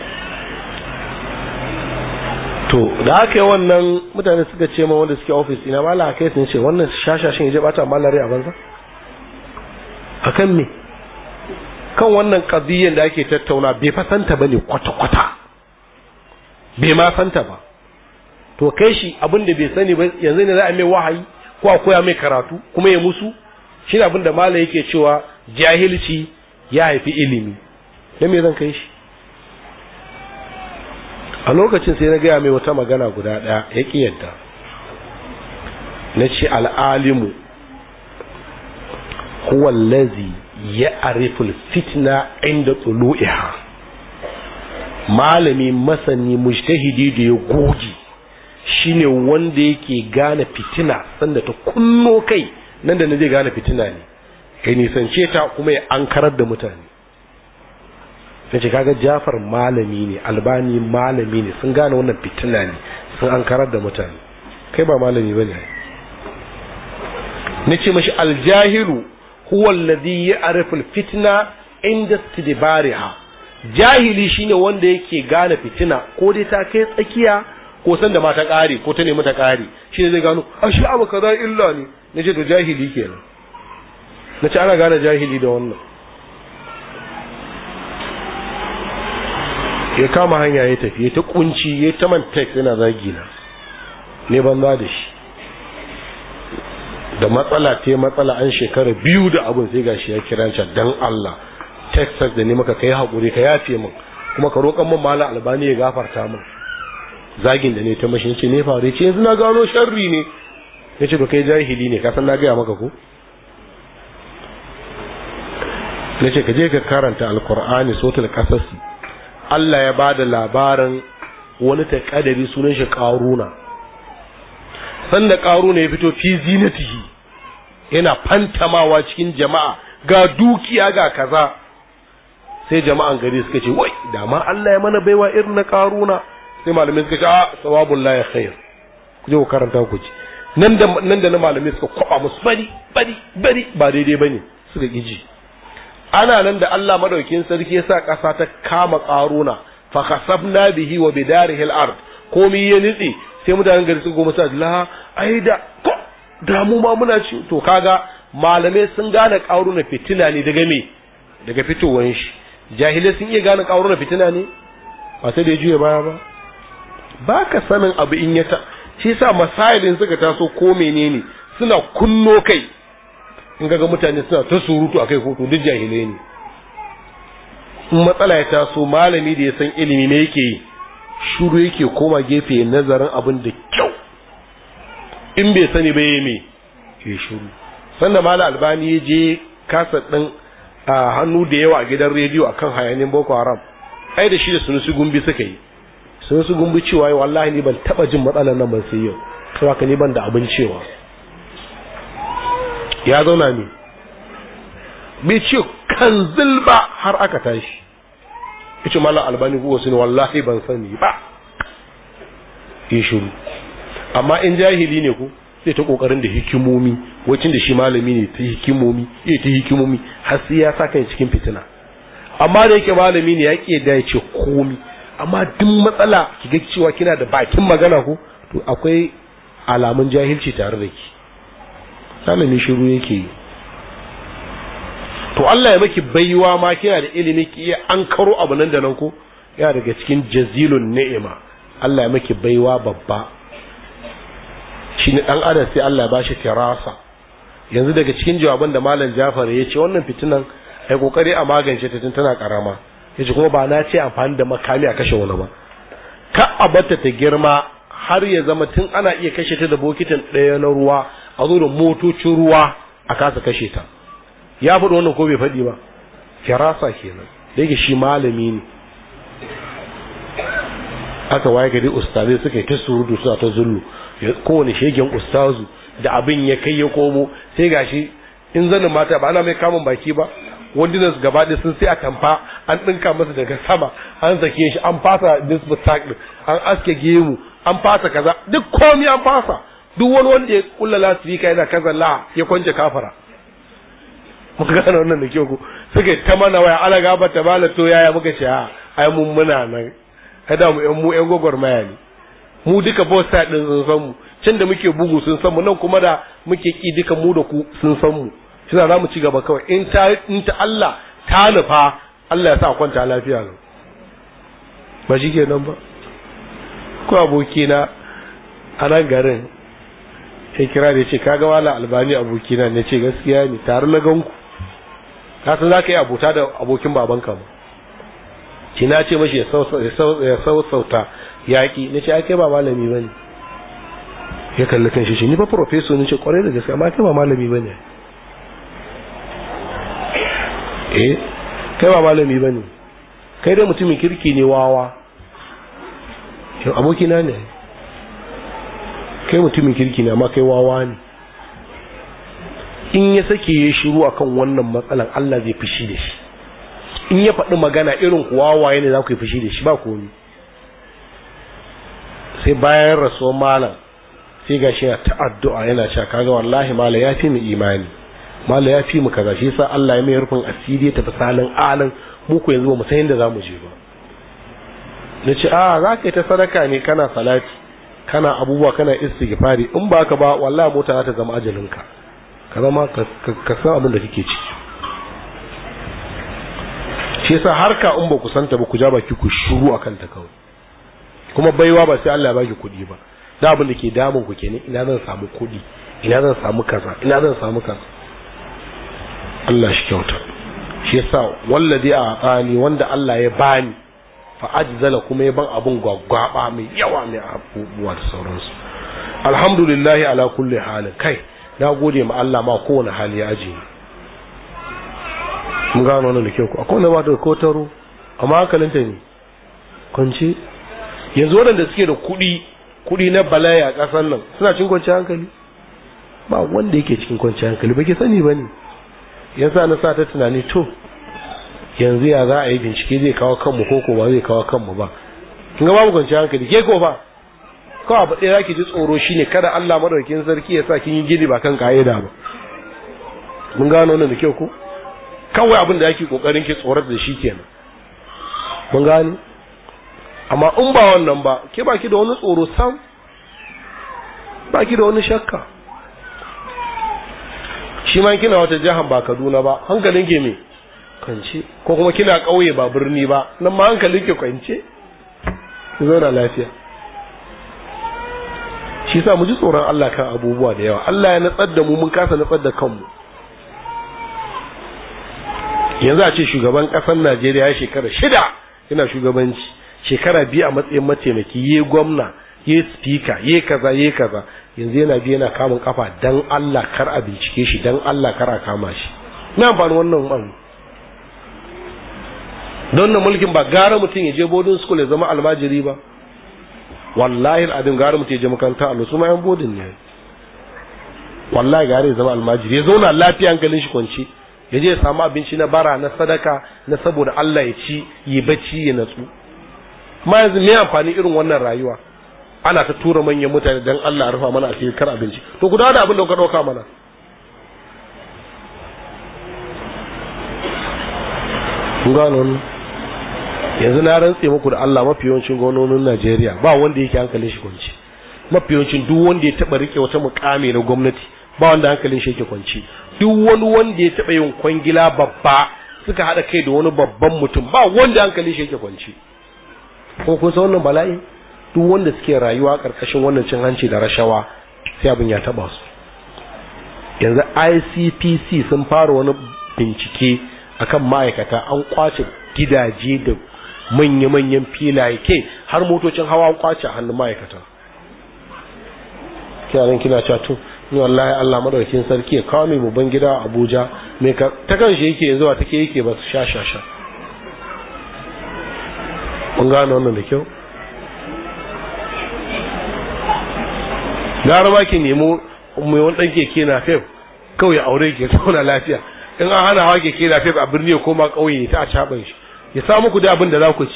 to da aka yi wannan mutane suka ce ma wanda suke ofis ina mala kai sun ce wannan shashashin ya bata malari a banza A kan me kan wannan kabiyyar da ake tattauna bai fasanta ne kwata-kwata bai ma santa ba to kai shi abin da bai sani ba yanzu ne za a mai wahayi ko a koya mai karatu kuma ya musu shi abin da mala yake cewa jahilci ya haifi ilimi don me zan kai shi a lokacin sai na gaya mai wata magana guda ɗaya ya ƙi yadda na ce al'alimu huwallazi ya ariful fitna inda tulu'iha malami masani mujtahidi da ya goge shine wanda yake gane fitina sanda ta kunno kai nan da na je gane fitina ne kai nisance ta kuma ya ankarar da mutane Nace ce kaga jafar malami ne albani malami ne sun gane wannan fitina ne sun an karar da mutane kai ba malami ba ne na ce mashi aljahilu huwal ladhi ya'rifu alfitna inda tidbariha jahili shine wanda yake gane fitina ko dai ta kai tsakiya ko san da ma ta kare ko ta nemi ta kare shine zai gano ashe abu kaza illa ne nace to jahili kenan nace ana gane jahili da wannan ya kama hanya ya tafi ya ta kunci ya ta man text yana zagi na ne ba da shi da matsala ta matsala an shekara biyu da abun sai gashi ya kira can dan Allah Texas da ne maka kai hakuri ka yafe min kuma ka roƙan mun malam albani ya gafarta min zagin da ne ta mashi ce ne faru ce yanzu na gano sharri ne ya ce kai jahili ne ka san na gaya maka ko na ce ka je ka karanta alkur'ani sotul kasasi Allah ya ba da labarin wani taƙadari sunan shi ƙaruna sanda ƙaruna ya fito fi zinatihi yana fantamawa cikin jama'a ga dukiya ga kaza sai jama'an gari suka ce wai dama Allah ya mana baiwa irin na ƙaruna sai malamai suka ce a ah, sawabun la ya khair ku je ku karanta ku ji nan da nan da na malamai suka kwaba musu bari bari bari ba daidai bane suka ƙiji ana nan da Allah madaukin sarki ya sa ƙasa ta kama ƙaruna fa khasabna bihi wa bidarihi al-ard komai ya nitsi sai mutanen gari suka goma sa la ai da ko da mu ma muna ci to kaga malamai sun gane ƙaruna fitina ne daga me daga fitowar shi jahilai sun iya gane ƙaruna fitina ne ba sai da juya baya ba ba ka sanin abu in ya ta shi sa masailin suka taso ko menene suna kunno kai in ga mutane suna ta surutu a kai kotu duk jahilai ne in matsala ya taso malami da ya san ilimi ne yake yi shuru yake koma gefe nazarin abin da kyau in bai sani ba ya me ke shuru Sanda malam albani ya je kasa ɗin a hannu da yawa a gidan rediyo akan hayanin boko haram ai da shi da su gumbi suka yi su gumbi cewa wallahi ni ban taba jin matsalar nan ban sai yau saboda ne ban da abin cewa ya zauna ne bai ce kan zilba har aka tashi ice mala albani ko wasu ne wallahi ban sani ba ya shiru amma in jahili ne ku sai ta kokarin da hikimomi wacin da shi malami ne ta hikimomi ya ta hikimomi har sai ya saka ni cikin fitina amma da yake malami ne ya ke da ya ce komi amma duk matsala ki ga cewa kina da bakin magana ku to akwai alamun jahilci tare da ki ɗalibin shiru yake yi to Allah ya maki baiwa ma kina da ilimi ki iya an karo abu nan da nan ko ya daga cikin jazilun ni'ima Allah ya maki baiwa babba shi ne dan adam sai Allah ya bashi firasa yanzu daga cikin jawabin da malam Jafar ya ce wannan fitinan ai kokari a magance ta tun tana karama ce kuma ba na ce amfani da makami a kashe wani ba ka bata ta girma har ya zama tun ana iya kashe ta da bokitin ɗaya na ruwa a zo da motocin ruwa a kasa kashe ta ya faɗi wannan ko bai faɗi ba firasa kenan da yake shi malami ne aka waye gari ustazai suka yi ta surutu suna ta zullu kowane shegen ustazu da abin ya kai ya komo sai gashi in zanin mata ba ana mai kamun baki ba da gaba gabata sun sai a tamfa an ɗinka masa daga sama an sake shi an fasa disbutak an aske gemu an fasa kaza duk komi an fasa duk wani wanda ya kulla ka yana la ya kwance kafara muka gane wannan da kyau ku. suka ta mana waya ala gaba ta bala to yaya muka ce a ai mun muna nan kada mu yan mu yan gwagwarmaya ne mu duka bosta din sun san mu can da muke bugu sun san mu nan kuma da muke ki duka mu da ku sun san mu Suna za mu ci gaba kawai in ta in ta Allah ta nufa Allah ya sa kwanta lafiya ne ba shi kenan ba ko abokina a nan garin sai kira da ce kaga wala albani abokina ne ce gaskiya ne tare na ganku ka san zaka yi abota da abokin babanka ma ki na ce mashi ya sausauta yaƙi ne ce ai kai ba malami bane ya kalli kan shi ni ba professor ne ce kwarai da gaskiya ma kai ba malami bane eh kai ba malami bane kai dai mutumin kirki ne wawa abokina ne kai mutumin kirki na ma kai wawa ne in ya sake ya shiru akan wannan matsalan Allah zai fushi da shi in ya faɗi magana irin wawaye ne za ku yi fushi da shi ba komi sai bayan rasuwan malam sai ga shi na ta'addu'a yana cewa kaga wallahi mala ya fi mu imani mala ya fi mu kaza shi yasa Allah ya mai rufin asiri ya tafi salin alin mu yanzu ba mu san yadda za mu je ba na ce a za ka yi ta sadaka ne kana salati kana abubuwa kana istighfari in ba ka ba wallahi mota za ta zama ajalinka ka zama ka san abin da kake ciki shi yasa harka in ba ku santa ba ku ja baki ku shiru akan ta kawai kuma baiwa ba sai Allah ya baki kuɗi ba da abin da ke damun ku kenan ina zan samu kuɗi ina zan samu kaza ina zan samu kaza Allah shi kyauta shi yasa wallazi a tsani wanda Allah ya bani ajzala kuma ya ban abun gwaggwaba mai yawa mai abubuwa da sauransu alhamdulillahi ala kulli halin kai na gode ma Allah ma kowane hali ya ajiye mun gano wannan da ke ku akwai wanda ba da kotaro amma hankalinta ne kwanci yanzu wadanda suke da kuɗi kudi na balaya a ƙasar nan suna cin kwanci hankali ba wanda yake cikin kwanci hankali ba ke sani ba ne yasa na sa ta tunani to yanzu ya za a yi bincike zai kawo kanmu ko ko ba zai kawo kanmu ba kin ga babu kwanciyar hankali ke ko ba Ko abu ɗaya zaki ji tsoro shine kada Allah madaukakin sarki ya sa kin yi gini ba kan ka'ida ba mun gano wannan da kyau ko kawai abin da yake kokarin ki tsorar da shi kenan mun gano amma in ba wannan ba ke baki da wani tsoro sam baki da wani shakka shi ma kina wata jahan ba Kaduna ba hankalin ke me kwance ko kuma kina ƙauye ba birni ba nan ma hankali ke kwance ki zauna lafiya shi sa mu ji tsoron Allah kan abubuwa da yawa Allah ya natsar da mu mun kasa natsar da kanmu yanzu a ce shugaban ƙasar Najeriya ya shekara shida yana shugabanci shekara biyu a matsayin mataimaki ye gwamna ye speaker ye kaza ye kaza yanzu yana biyu yana kamun kafa dan Allah kar a bincike shi dan Allah kar a kama shi na amfani wannan abu don na mulkin ba gara mutum ya je bodin school ya zama almajiri ba wallahi abin gara mutum ya je makaranta a su ma yan bodin ne wallahi gara ya zama almajiri ya zauna lafiya hankalin shi kwanci ya je ya samu abinci na bara na sadaka na saboda Allah ya ci yi bacci ya natsu ma yanzu me amfani irin wannan rayuwa ana ta tura manyan mutane dan Allah rufa mana a cikin kar abinci to guda da abin da ka dauka mana gano yanzu na rantse muku da Allah mafi yawancin gwamnonin Najeriya ba wanda yake hankalin shi kwanci mafi yawancin duk wanda ya taba rike wata mukami na gwamnati ba wanda hankalin shi yake kwanci duk wani wanda ya taba yin kwangila babba suka hada kai da wani babban mutum ba wanda hankalin shi yake kwanci ko kun san wannan bala'i duk wanda suke rayuwa karkashin wannan cin hanci da rashawa sai abin ya taba su yanzu ICPC sun fara wani bincike akan ma'aikata an kwace gidaje da manya-manyan filaye ke har motocin hawa kwace a hannun ma'aikata kiyanin kina cato ni wallahi Allah madaukin sarki ya kawo mai babban gida a Abuja me ka ta kanshi yake zuwa take yake ba su sha sha sha kun gane wannan da kyau gara ma ki nemo mai wani dan keke na fe kawai aure ke zauna lafiya in an hana hawa keke na fe a birni ko koma kauye ta a shi ya samu ku da abin da za ku ci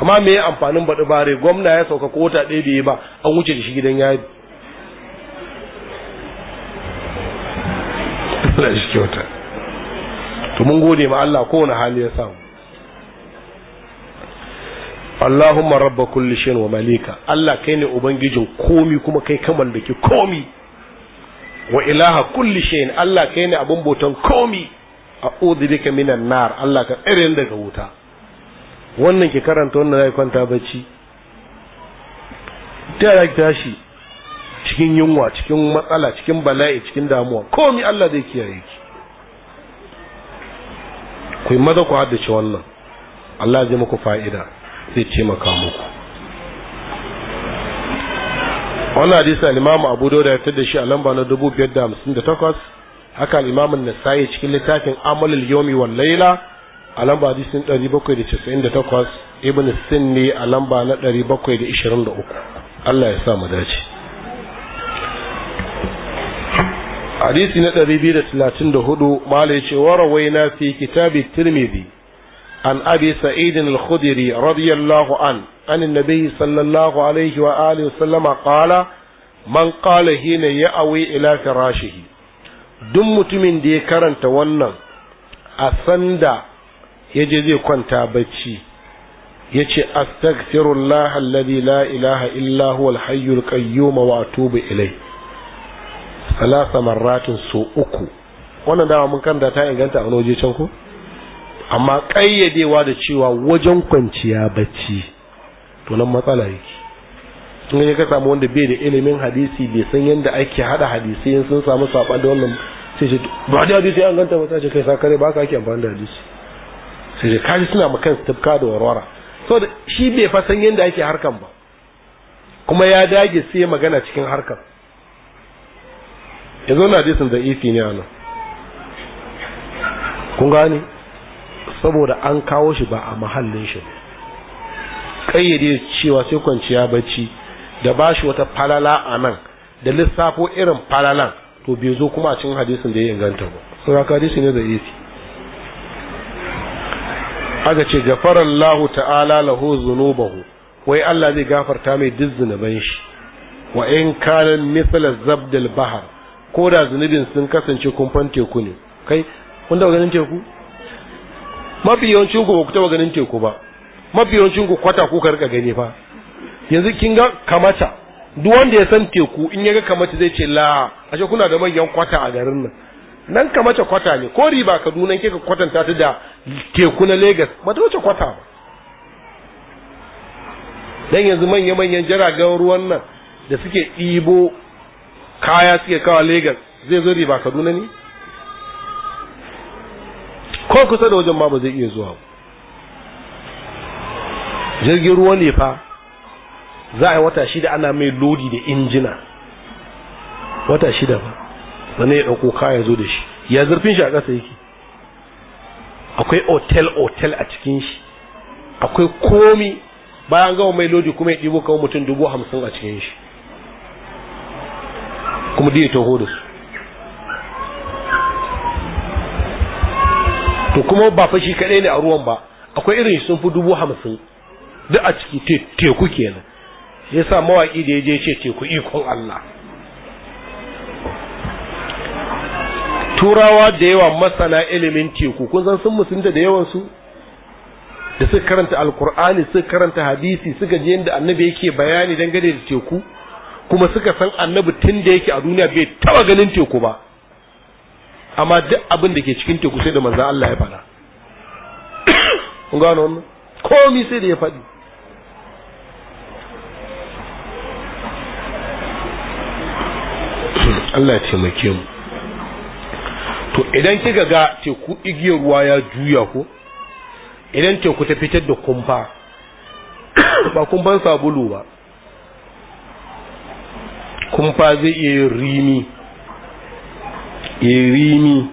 amma me ya amfanin baɗi bare gwamna ya sauka ko wata ɗaya da ya ba an wuce da shi gidan yari Allah to mun gode ma Allah kowane hali ya samu Allahumma rabba kulli shayin wa malika Allah kai ne ubangijin komi kuma kai ka mallaki komi wa ilaha kulli shayin Allah kai ne abin botan komi a'udhu bika minan nar Allah ka tsare daga wuta wannan ki karanta wannan zai kwanta bacci ta ki tashi cikin yunwa cikin matsala cikin bala'i cikin damuwa komai Allah zai kiyaye ki ku maza ku haddace wannan Allah zai muku fa'ida zai taimaka muku wannan hadisi al-Imam Abu Dawud ya tada da shi a lamba na 2558 haka al-imam nasai cikin littafin amalul Yomi wal Laila a lamba hadisin 798 ibn sinni a lamba na 723 Allah ya sa mu dace hadisi na 234 mala ce wa rawaina fi kitabi tirmidhi عن أبي سعيد الخدري رضي الله عنه عن النبي صلى الله عليه وآله وسلم قال من قال حين يأوي إلى فراشه duk mutumin da ya karanta wannan a sanda ya je zai kwanta bacci ya ce astaghfirullah alladhi la ilaha illa huwal hayyul wato wa atubu ilai salasa marratin so uku wannan dama mun karanta ta inganta a waje can ku? amma ƙayyadewa da cewa wajen kwanciya bacci to nan matsala yake in ya ka samu wanda bai da ilimin hadisi bai san yadda ake hada hadisi in sun samu saba da wannan sai shi ba da hadisi an ganta ba sai kai kare ba ka ake amfani da hadisi sai shi kaji suna ma kansu tafka da warwara So da shi bai fa san yadda ake harkan ba kuma ya dage sai magana cikin harkan zo na hadisin da ifi ne ana. kun gane saboda an kawo shi ba a mahallin shi kayyade cewa sai kwanciya bacci da ba shi wata falala a nan da lissafo irin falalan to bai zo kuma a cikin hadisin da ya inganta ba sauraka hadisi ne da isi aka ce lahu ta'ala lahu zunubahu wai Allah zai gafarta mai duk zunuban shi wa in kana misalar zabdal bahar ko da zunubin sun kasance kumfan teku ne kai kun taɓa ganin teku mafi yawancin ku ba ku taba ganin teku ba mafi yawancin ku kwata ku karka gani fa yanzu kin ga kamata duk wanda ya san teku in ya ga kamata zai ce la ashe kuna da manyan kwata a garin nan nan kamata kwata ne ko riba kaduna ka kwatanta ta da teku na lagos ba ta wuce kwata ba dan yanzu manya manyan jiragen ruwan nan da suke ɗibo kaya suke kawo lagos zai zo riba kaduna ne ko kusa da wajen ma ba zai iya zuwa ba jirgin ruwan ne fa za a yi wata shida ana mai lodi da injina wata shida ba sannan ya ɗauko kaya zo da shi ya zurfin shi a ƙasa yake akwai otel otel a cikin shi akwai komi bayan gama mai lodi kuma ya ɗibo kawo mutum dubu hamsin a cikin shi kuma da ya taho da su to kuma ba fashi kaɗai ne a ruwan ba akwai irin sun fi dubu hamsin duk a ciki teku kenan yasa mawaƙi da yaje ce teku ikon Allah turawa da yawa masana ilimin teku kun san sun musunta da yawansu da suka karanta alkur'ani suka karanta hadisi suka je yadda annabi yake bayani dangane da teku kuma suka san annabi tun da yake a duniya bai taba ganin teku ba amma duk abin da ke cikin teku sai da manzan Allah ya faɗa kun gano wannan sai da ya faɗi Allah ya taimake mu to idan kika ga teku igiyar ruwa ya juya ko idan teku ta fitar da kumfa ba kumfan sabulu ba kumfa zai iya rimi ya rimi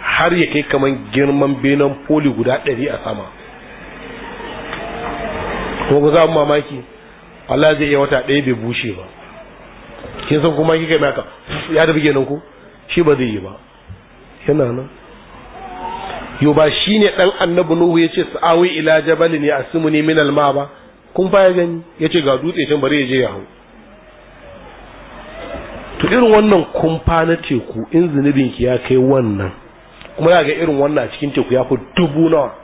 har ya kai kaman girman benin poli guda ɗari a sama ko za mu mamaki Allah zai iya wata ɗaya bai bushe ba kin san kuma kika mai haka ya tafi kenan ku shi ba zai yi ba yana nan yo ba shine dan annabi nuhu yace sa'awi ila jabalin ya min alma ba kun fa ya gani yace ga dutse can bare ya je ya hau to irin wannan kun fa na teku in zunubin ki ya kai wannan kuma za ga irin wannan a cikin teku ya fi dubu nawa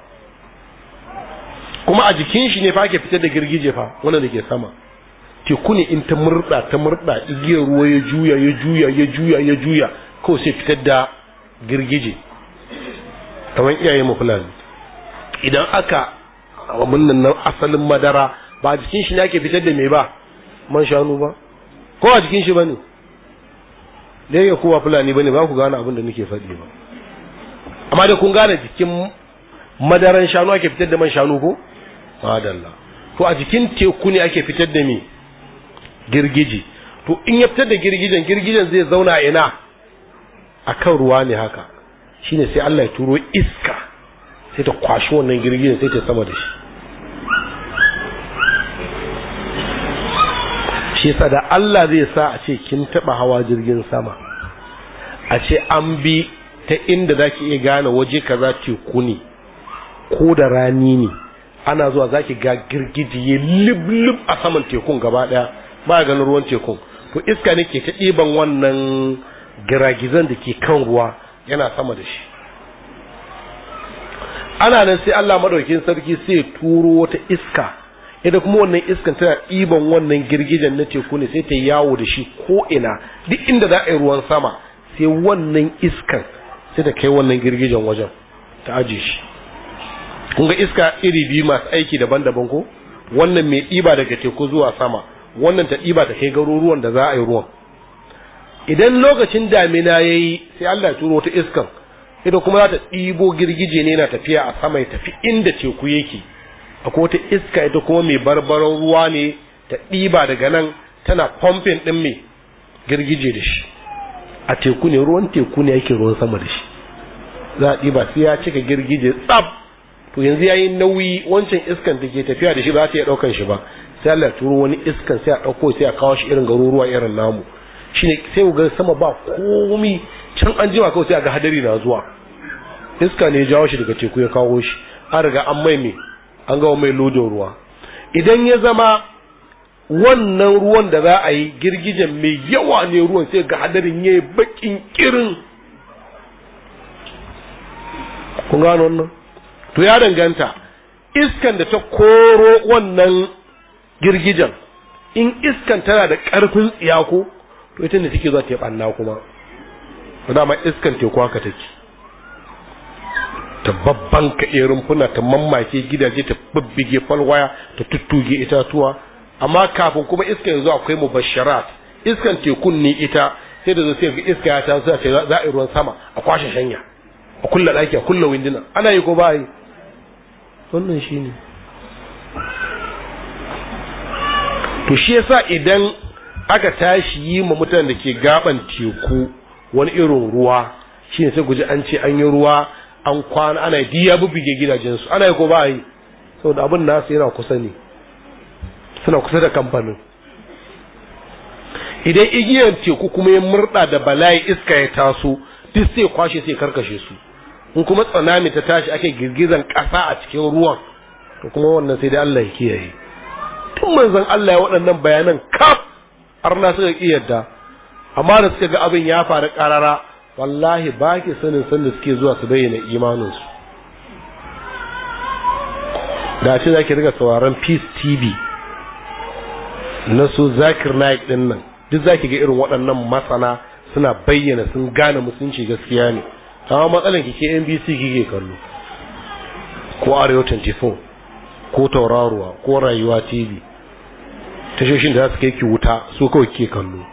kuma a jikin shi ne fa ke fitar da girgije fa wannan da ke sama teku ne in ta murda ta murda igiyar ruwa ya juya ya juya ya juya ya juya ko sai fitar da girgije kamar iyaye mu fulani idan aka abin nan asalin madara ba jikin shi ne ake fitar da me ba man shanu ba ko a jikin shi bane dai ya kowa fulani bane ba ku gane abin da nake faɗi ba amma da kun gane jikin madaran shanu ake fitar da man shanu ko madalla to a jikin teku ne ake fitar da me girgiji to in ya fitar da girgijen girgijen zai zauna ina a kan ruwa ne haka shine sai Allah ya turo iska sai ta kwashi wannan girgijen sai ta sama da shi shi yasa da Allah zai sa a ce kin taba hawa jirgin sama a ce an bi ta inda zaki iya gane waje ka za teku ne ko da rani ne ana zuwa zaki ga girgiji ya liblib a saman tekun gaba daya ba ganin ruwan tekun to iska ne ke ta ɗiban wannan giragizan da ke kan ruwa yana sama da shi ana nan sai Allah maɗaukin sarki sai turo wata iska ita kuma wannan iskan tana ɗiban wannan girgijan na teku ne sai ta yawo da shi ko ina duk inda za a yi ruwan sama sai wannan iskan sai ta kai wannan girgijan wajen ta aje shi kun ga iska iri biyu masu aiki daban-daban ko wannan mai ɗiba daga teku zuwa sama wannan ta ɗiba ta kai garuruwan da za a yi ruwan idan lokacin damina ya yi sai Allah ya turo ta iskan ita kuma za ta ɗibo girgije ne na tafiya a sama ya tafi inda teku yake akwai wata iska ita kuma mai barbaran ruwa ne ta ɗiba daga nan tana pumping ɗin mai girgije da shi a teku ne ruwan teku ne yake ruwan sama da shi za a ɗiba sai ya cika girgije tsab to yanzu ya yi nauyi wancan iskan da ke tafiya da shi ba ta iya ɗaukan shi ba sai Allah ya turo wani iskan sai a ɗauko sai a kawo shi irin garuruwa irin namu shine sai ga sama ba komi can an jima kawai sai ga hadari na zuwa iska ne ya jawo shi daga teku ya kawo shi an riga an mai me an gawa mai lodin ruwa idan ya zama wannan ruwan da za a yi girgijen mai yawa ne ruwan sai ga hadarin ya yi bakin kirin kun gano wannan to ya danganta iskan da ta koro wannan girgijan in iskan tana da ƙarfin tsiyako to ita ne take zuwa ta ɓanna kuma dama iskan teku haka take ta babban kaɗe rumfuna ta mammake gidaje ta babbige falwaya ta tuttuge itatuwa amma kafin kuma iskan yanzu akwai mu basharat iskan tekun ne ita sai da zai ga iska ya ta zuwa za a ruwan sama a kwashe shanya a kulla ɗaki a kulla windina ana yi ko ba yi wannan shine to shi yasa idan aka tashi yi ma mutanen da ke gaban teku wani irin ruwa shi ne sai guji an ce an yi ruwa an kwana ana yi ya bubbuge gidajensu ana yi ko ba yi saboda abin nasu yana kusa ne suna kusa da kamfanin idan igiyar teku kuma ya murda da bala'i iska ya taso duk sai kwashe sai karkashe su in kuma tsanami ta tashi ake girgizan kasa a cikin ruwan to kuma wannan sai dai Allah ya kiyaye tun manzon Allah ya waɗannan bayanan kaf arna suka ƙi yadda amma da suka ga abin ya faru ƙarara, wallahi ba ki sanin san da suke zuwa su bayyana imaninsu da ce za ki riga sauraron peace tv na su zakir naik ɗin nan duk za ki ga irin waɗannan masana suna bayyana sun gane musulunci gaskiya ne amma matsalan ki ke nbc kike kallo ko arewa 24 ko tauraruwa ko rayuwa tv tashoshin da za su kai ki wuta su kawai ke kallo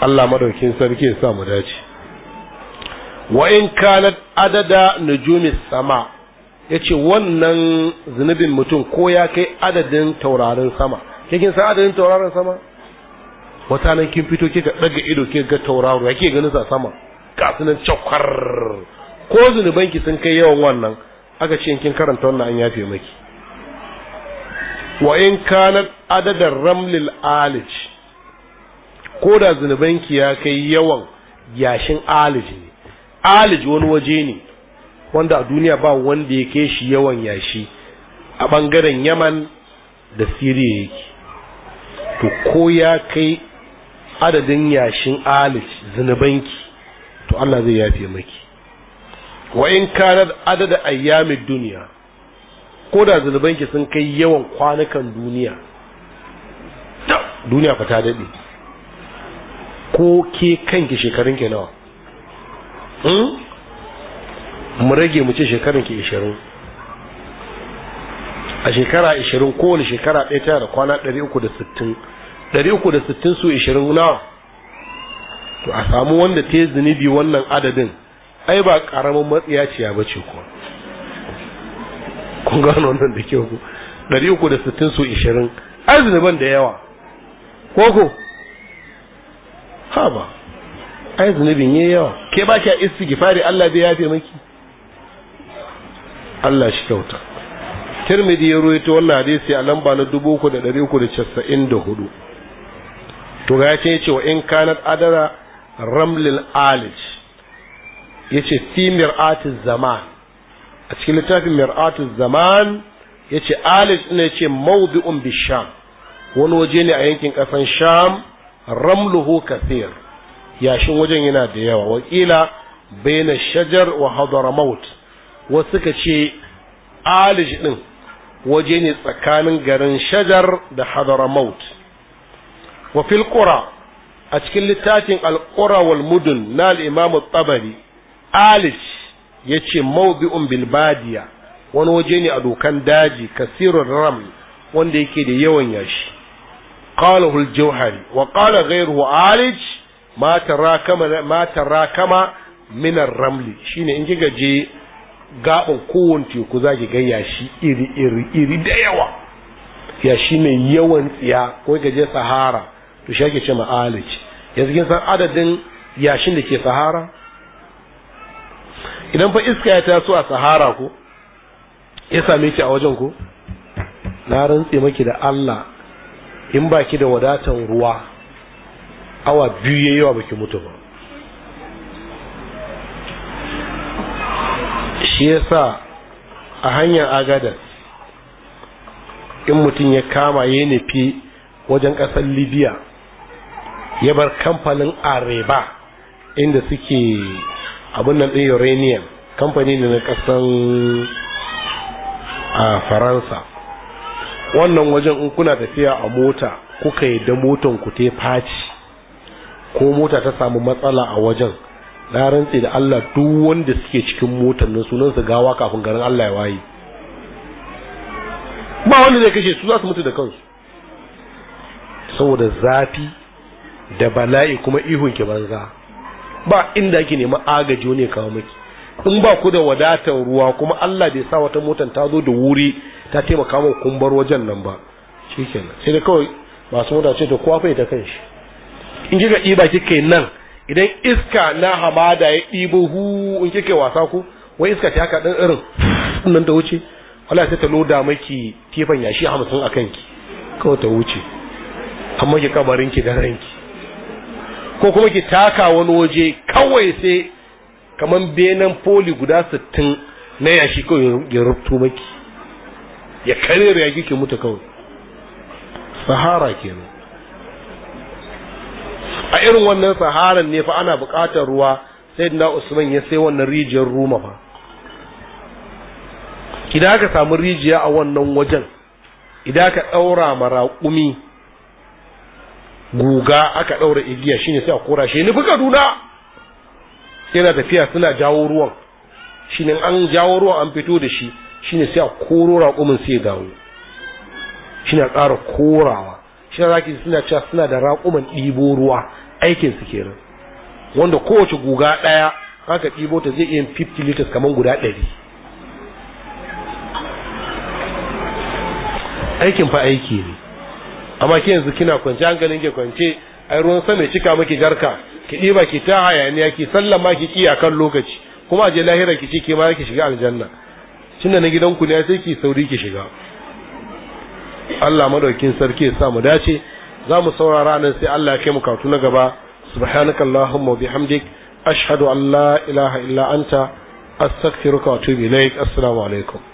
Allah madaukin sarki ya sa mu dace wa in kanat adada nujumis sama yace wannan zunubin mutum ko ya kai adadin taurarin sama kin san adadin taurarin sama wata nan kin fito kika daga ido kika ga tauraro yake ganin sa sama ga sunan chakkar ko zunubanki sun kai yawan wannan aka ce kin karanta wannan an yafe maki wa in kanat adadar ramlil alij ko da zunubanki ya kai yawan yashin alij ne alij wani waje ne wanda a duniya ba wanda ya kai shi yawan yashi a ɓangaren yaman da siriya yake to ko ya kai adadin yashin alij zunubanki to allah zai yafe maki wa in kanat adada ayyamin duniya ko da zunubanki sun kai yawan kwanukan duniya duniya fa ta daɗe ko ke kanki shekarun ke nawa hmm? mu rage mu ce shekarun ki ishirin a shekara ishirin kowane shekara ɗaya tana da kwana ɗari uku da sittin ɗari uku da sittin su ishirin nawa to a samu wanda ta yi zunubi wannan adadin ai ba ƙaramin matsiya ce bace kuwa kun gano wannan da kyau ɗari uku da sittin su ishirin azunuban da yawa ko ko ha ba ai yi yawa ke ba ki istighfari Allah bai yafe maki. Allah shi kyauta Tirmidhi ya ruwaito wannan hadisi a lamba na dubu uku uku da da da casa'in hudu to ga yake yace wa in kanat adara ramlil alij yace timir mir'atiz zaman a cikin littafin mir'atu zaman ya ce alis ɗin ya ce mawdu'un sham wani waje ne a yankin kasan sham ramluhu kathir yashin wajen yana da yawa wakila baina shajar wa hadramaut wasu ka ce alij din waje ne tsakanin garin shajar da hadramaut wa fil a cikin littafin al wal mudun na al-imam at alij ya ce mawbi'un bilbadiya wani waje ne a dokan daji kasirun ram wanda yake da yawan yashi Qala قاله wa kala غيره alij ma تراكم ما تراكم من ramli shine in kiga je gaban kowon teku zaki ga yashi iri iri iri da yawa yashi mai yawan tsiya ko ka je sahara to shi ake ce ma alij yanzu kin san adadin yashin da ke sahara idan fa iska ya taso a sahara ko ya same ki a wajen ko na rantse maki da Allah in ba ki da wadatan ruwa awa biyu yayi wa baki mutu ba shi yasa a hanyar agada in mutum ya kama ya nufi wajen ƙasar libya ya bar kamfanin areba inda suke abin nan ɗin uranium kamfani ne na ƙasan a faransa wannan wajen in kuna tafiya a mota kuka yi da motan ku te faci ko mota ta samu matsala a wajen na rantse da Allah duk wanda suke cikin motar nan sunan su gawa kafin garin Allah ya waye ba wanda zai kashe su za su mutu da kansu saboda zafi da bala'i kuma ihun ki banza ba inda ki nema agaji wani kawo maki in ba ku da wadatar ruwa kuma Allah bai sa wata motar ta zo da wuri ta taimaka min kun bar wajen nan ba shikenan sai da kawai masu mota ce to kuwa fa ta kan in kika iba kika nan idan iska na hamada ya ɗibo hu in kika wasa ku wai iska ta haka ɗan irin nan ta wuce wala sai ta loda maki tifan yashi hamsin a kanki kawai ta wuce amma ki kabarin ki da ranki ko kuma ki taka wani waje kawai sai kaman benen poli guda sittin na yashi kawai ya rubto maki ya kare ya kike mutu kawai sahara kenan a irin wannan saharan ne fa ana buƙatar ruwa sai na usman ya sai wannan rijiyar ruma fa idan aka samu rijiya a wannan wajen idan ka ɗaura ma guga aka ɗaura igiya shine sai a kora shi nufi kaduna yana tafiya suna jawo ruwan ne an jawo ruwan an fito da shi shine sai a koro raƙumin sai dawo shine ƙara korawa shi zaki suna cewa suna da raƙumin ɗibo ruwa aikin su kenan wanda kowace guga ɗaya haka ɗibo ta zai iya 50 liters kamar guda ɗari aikin fa aiki ne amma ke yanzu kina kwance ganin ke kwance ai ruwan sama ya cika miki jarka ki ɗiba ki ta hayaniya ki sallama ki ki akan lokaci kuma je lahira ki ce ke ma ki shiga aljanna tunda na gidan gidanku ne sai ki sauri ki shiga Allah madaukin sarki ya sa mu dace za mu saurara nan sai Allah ya kai mu katu na gaba subhanakallahumma allahumma bihamdik ashhadu an la ilaha illa anta astaghfiruka wa atubu ilaik assalamu alaikum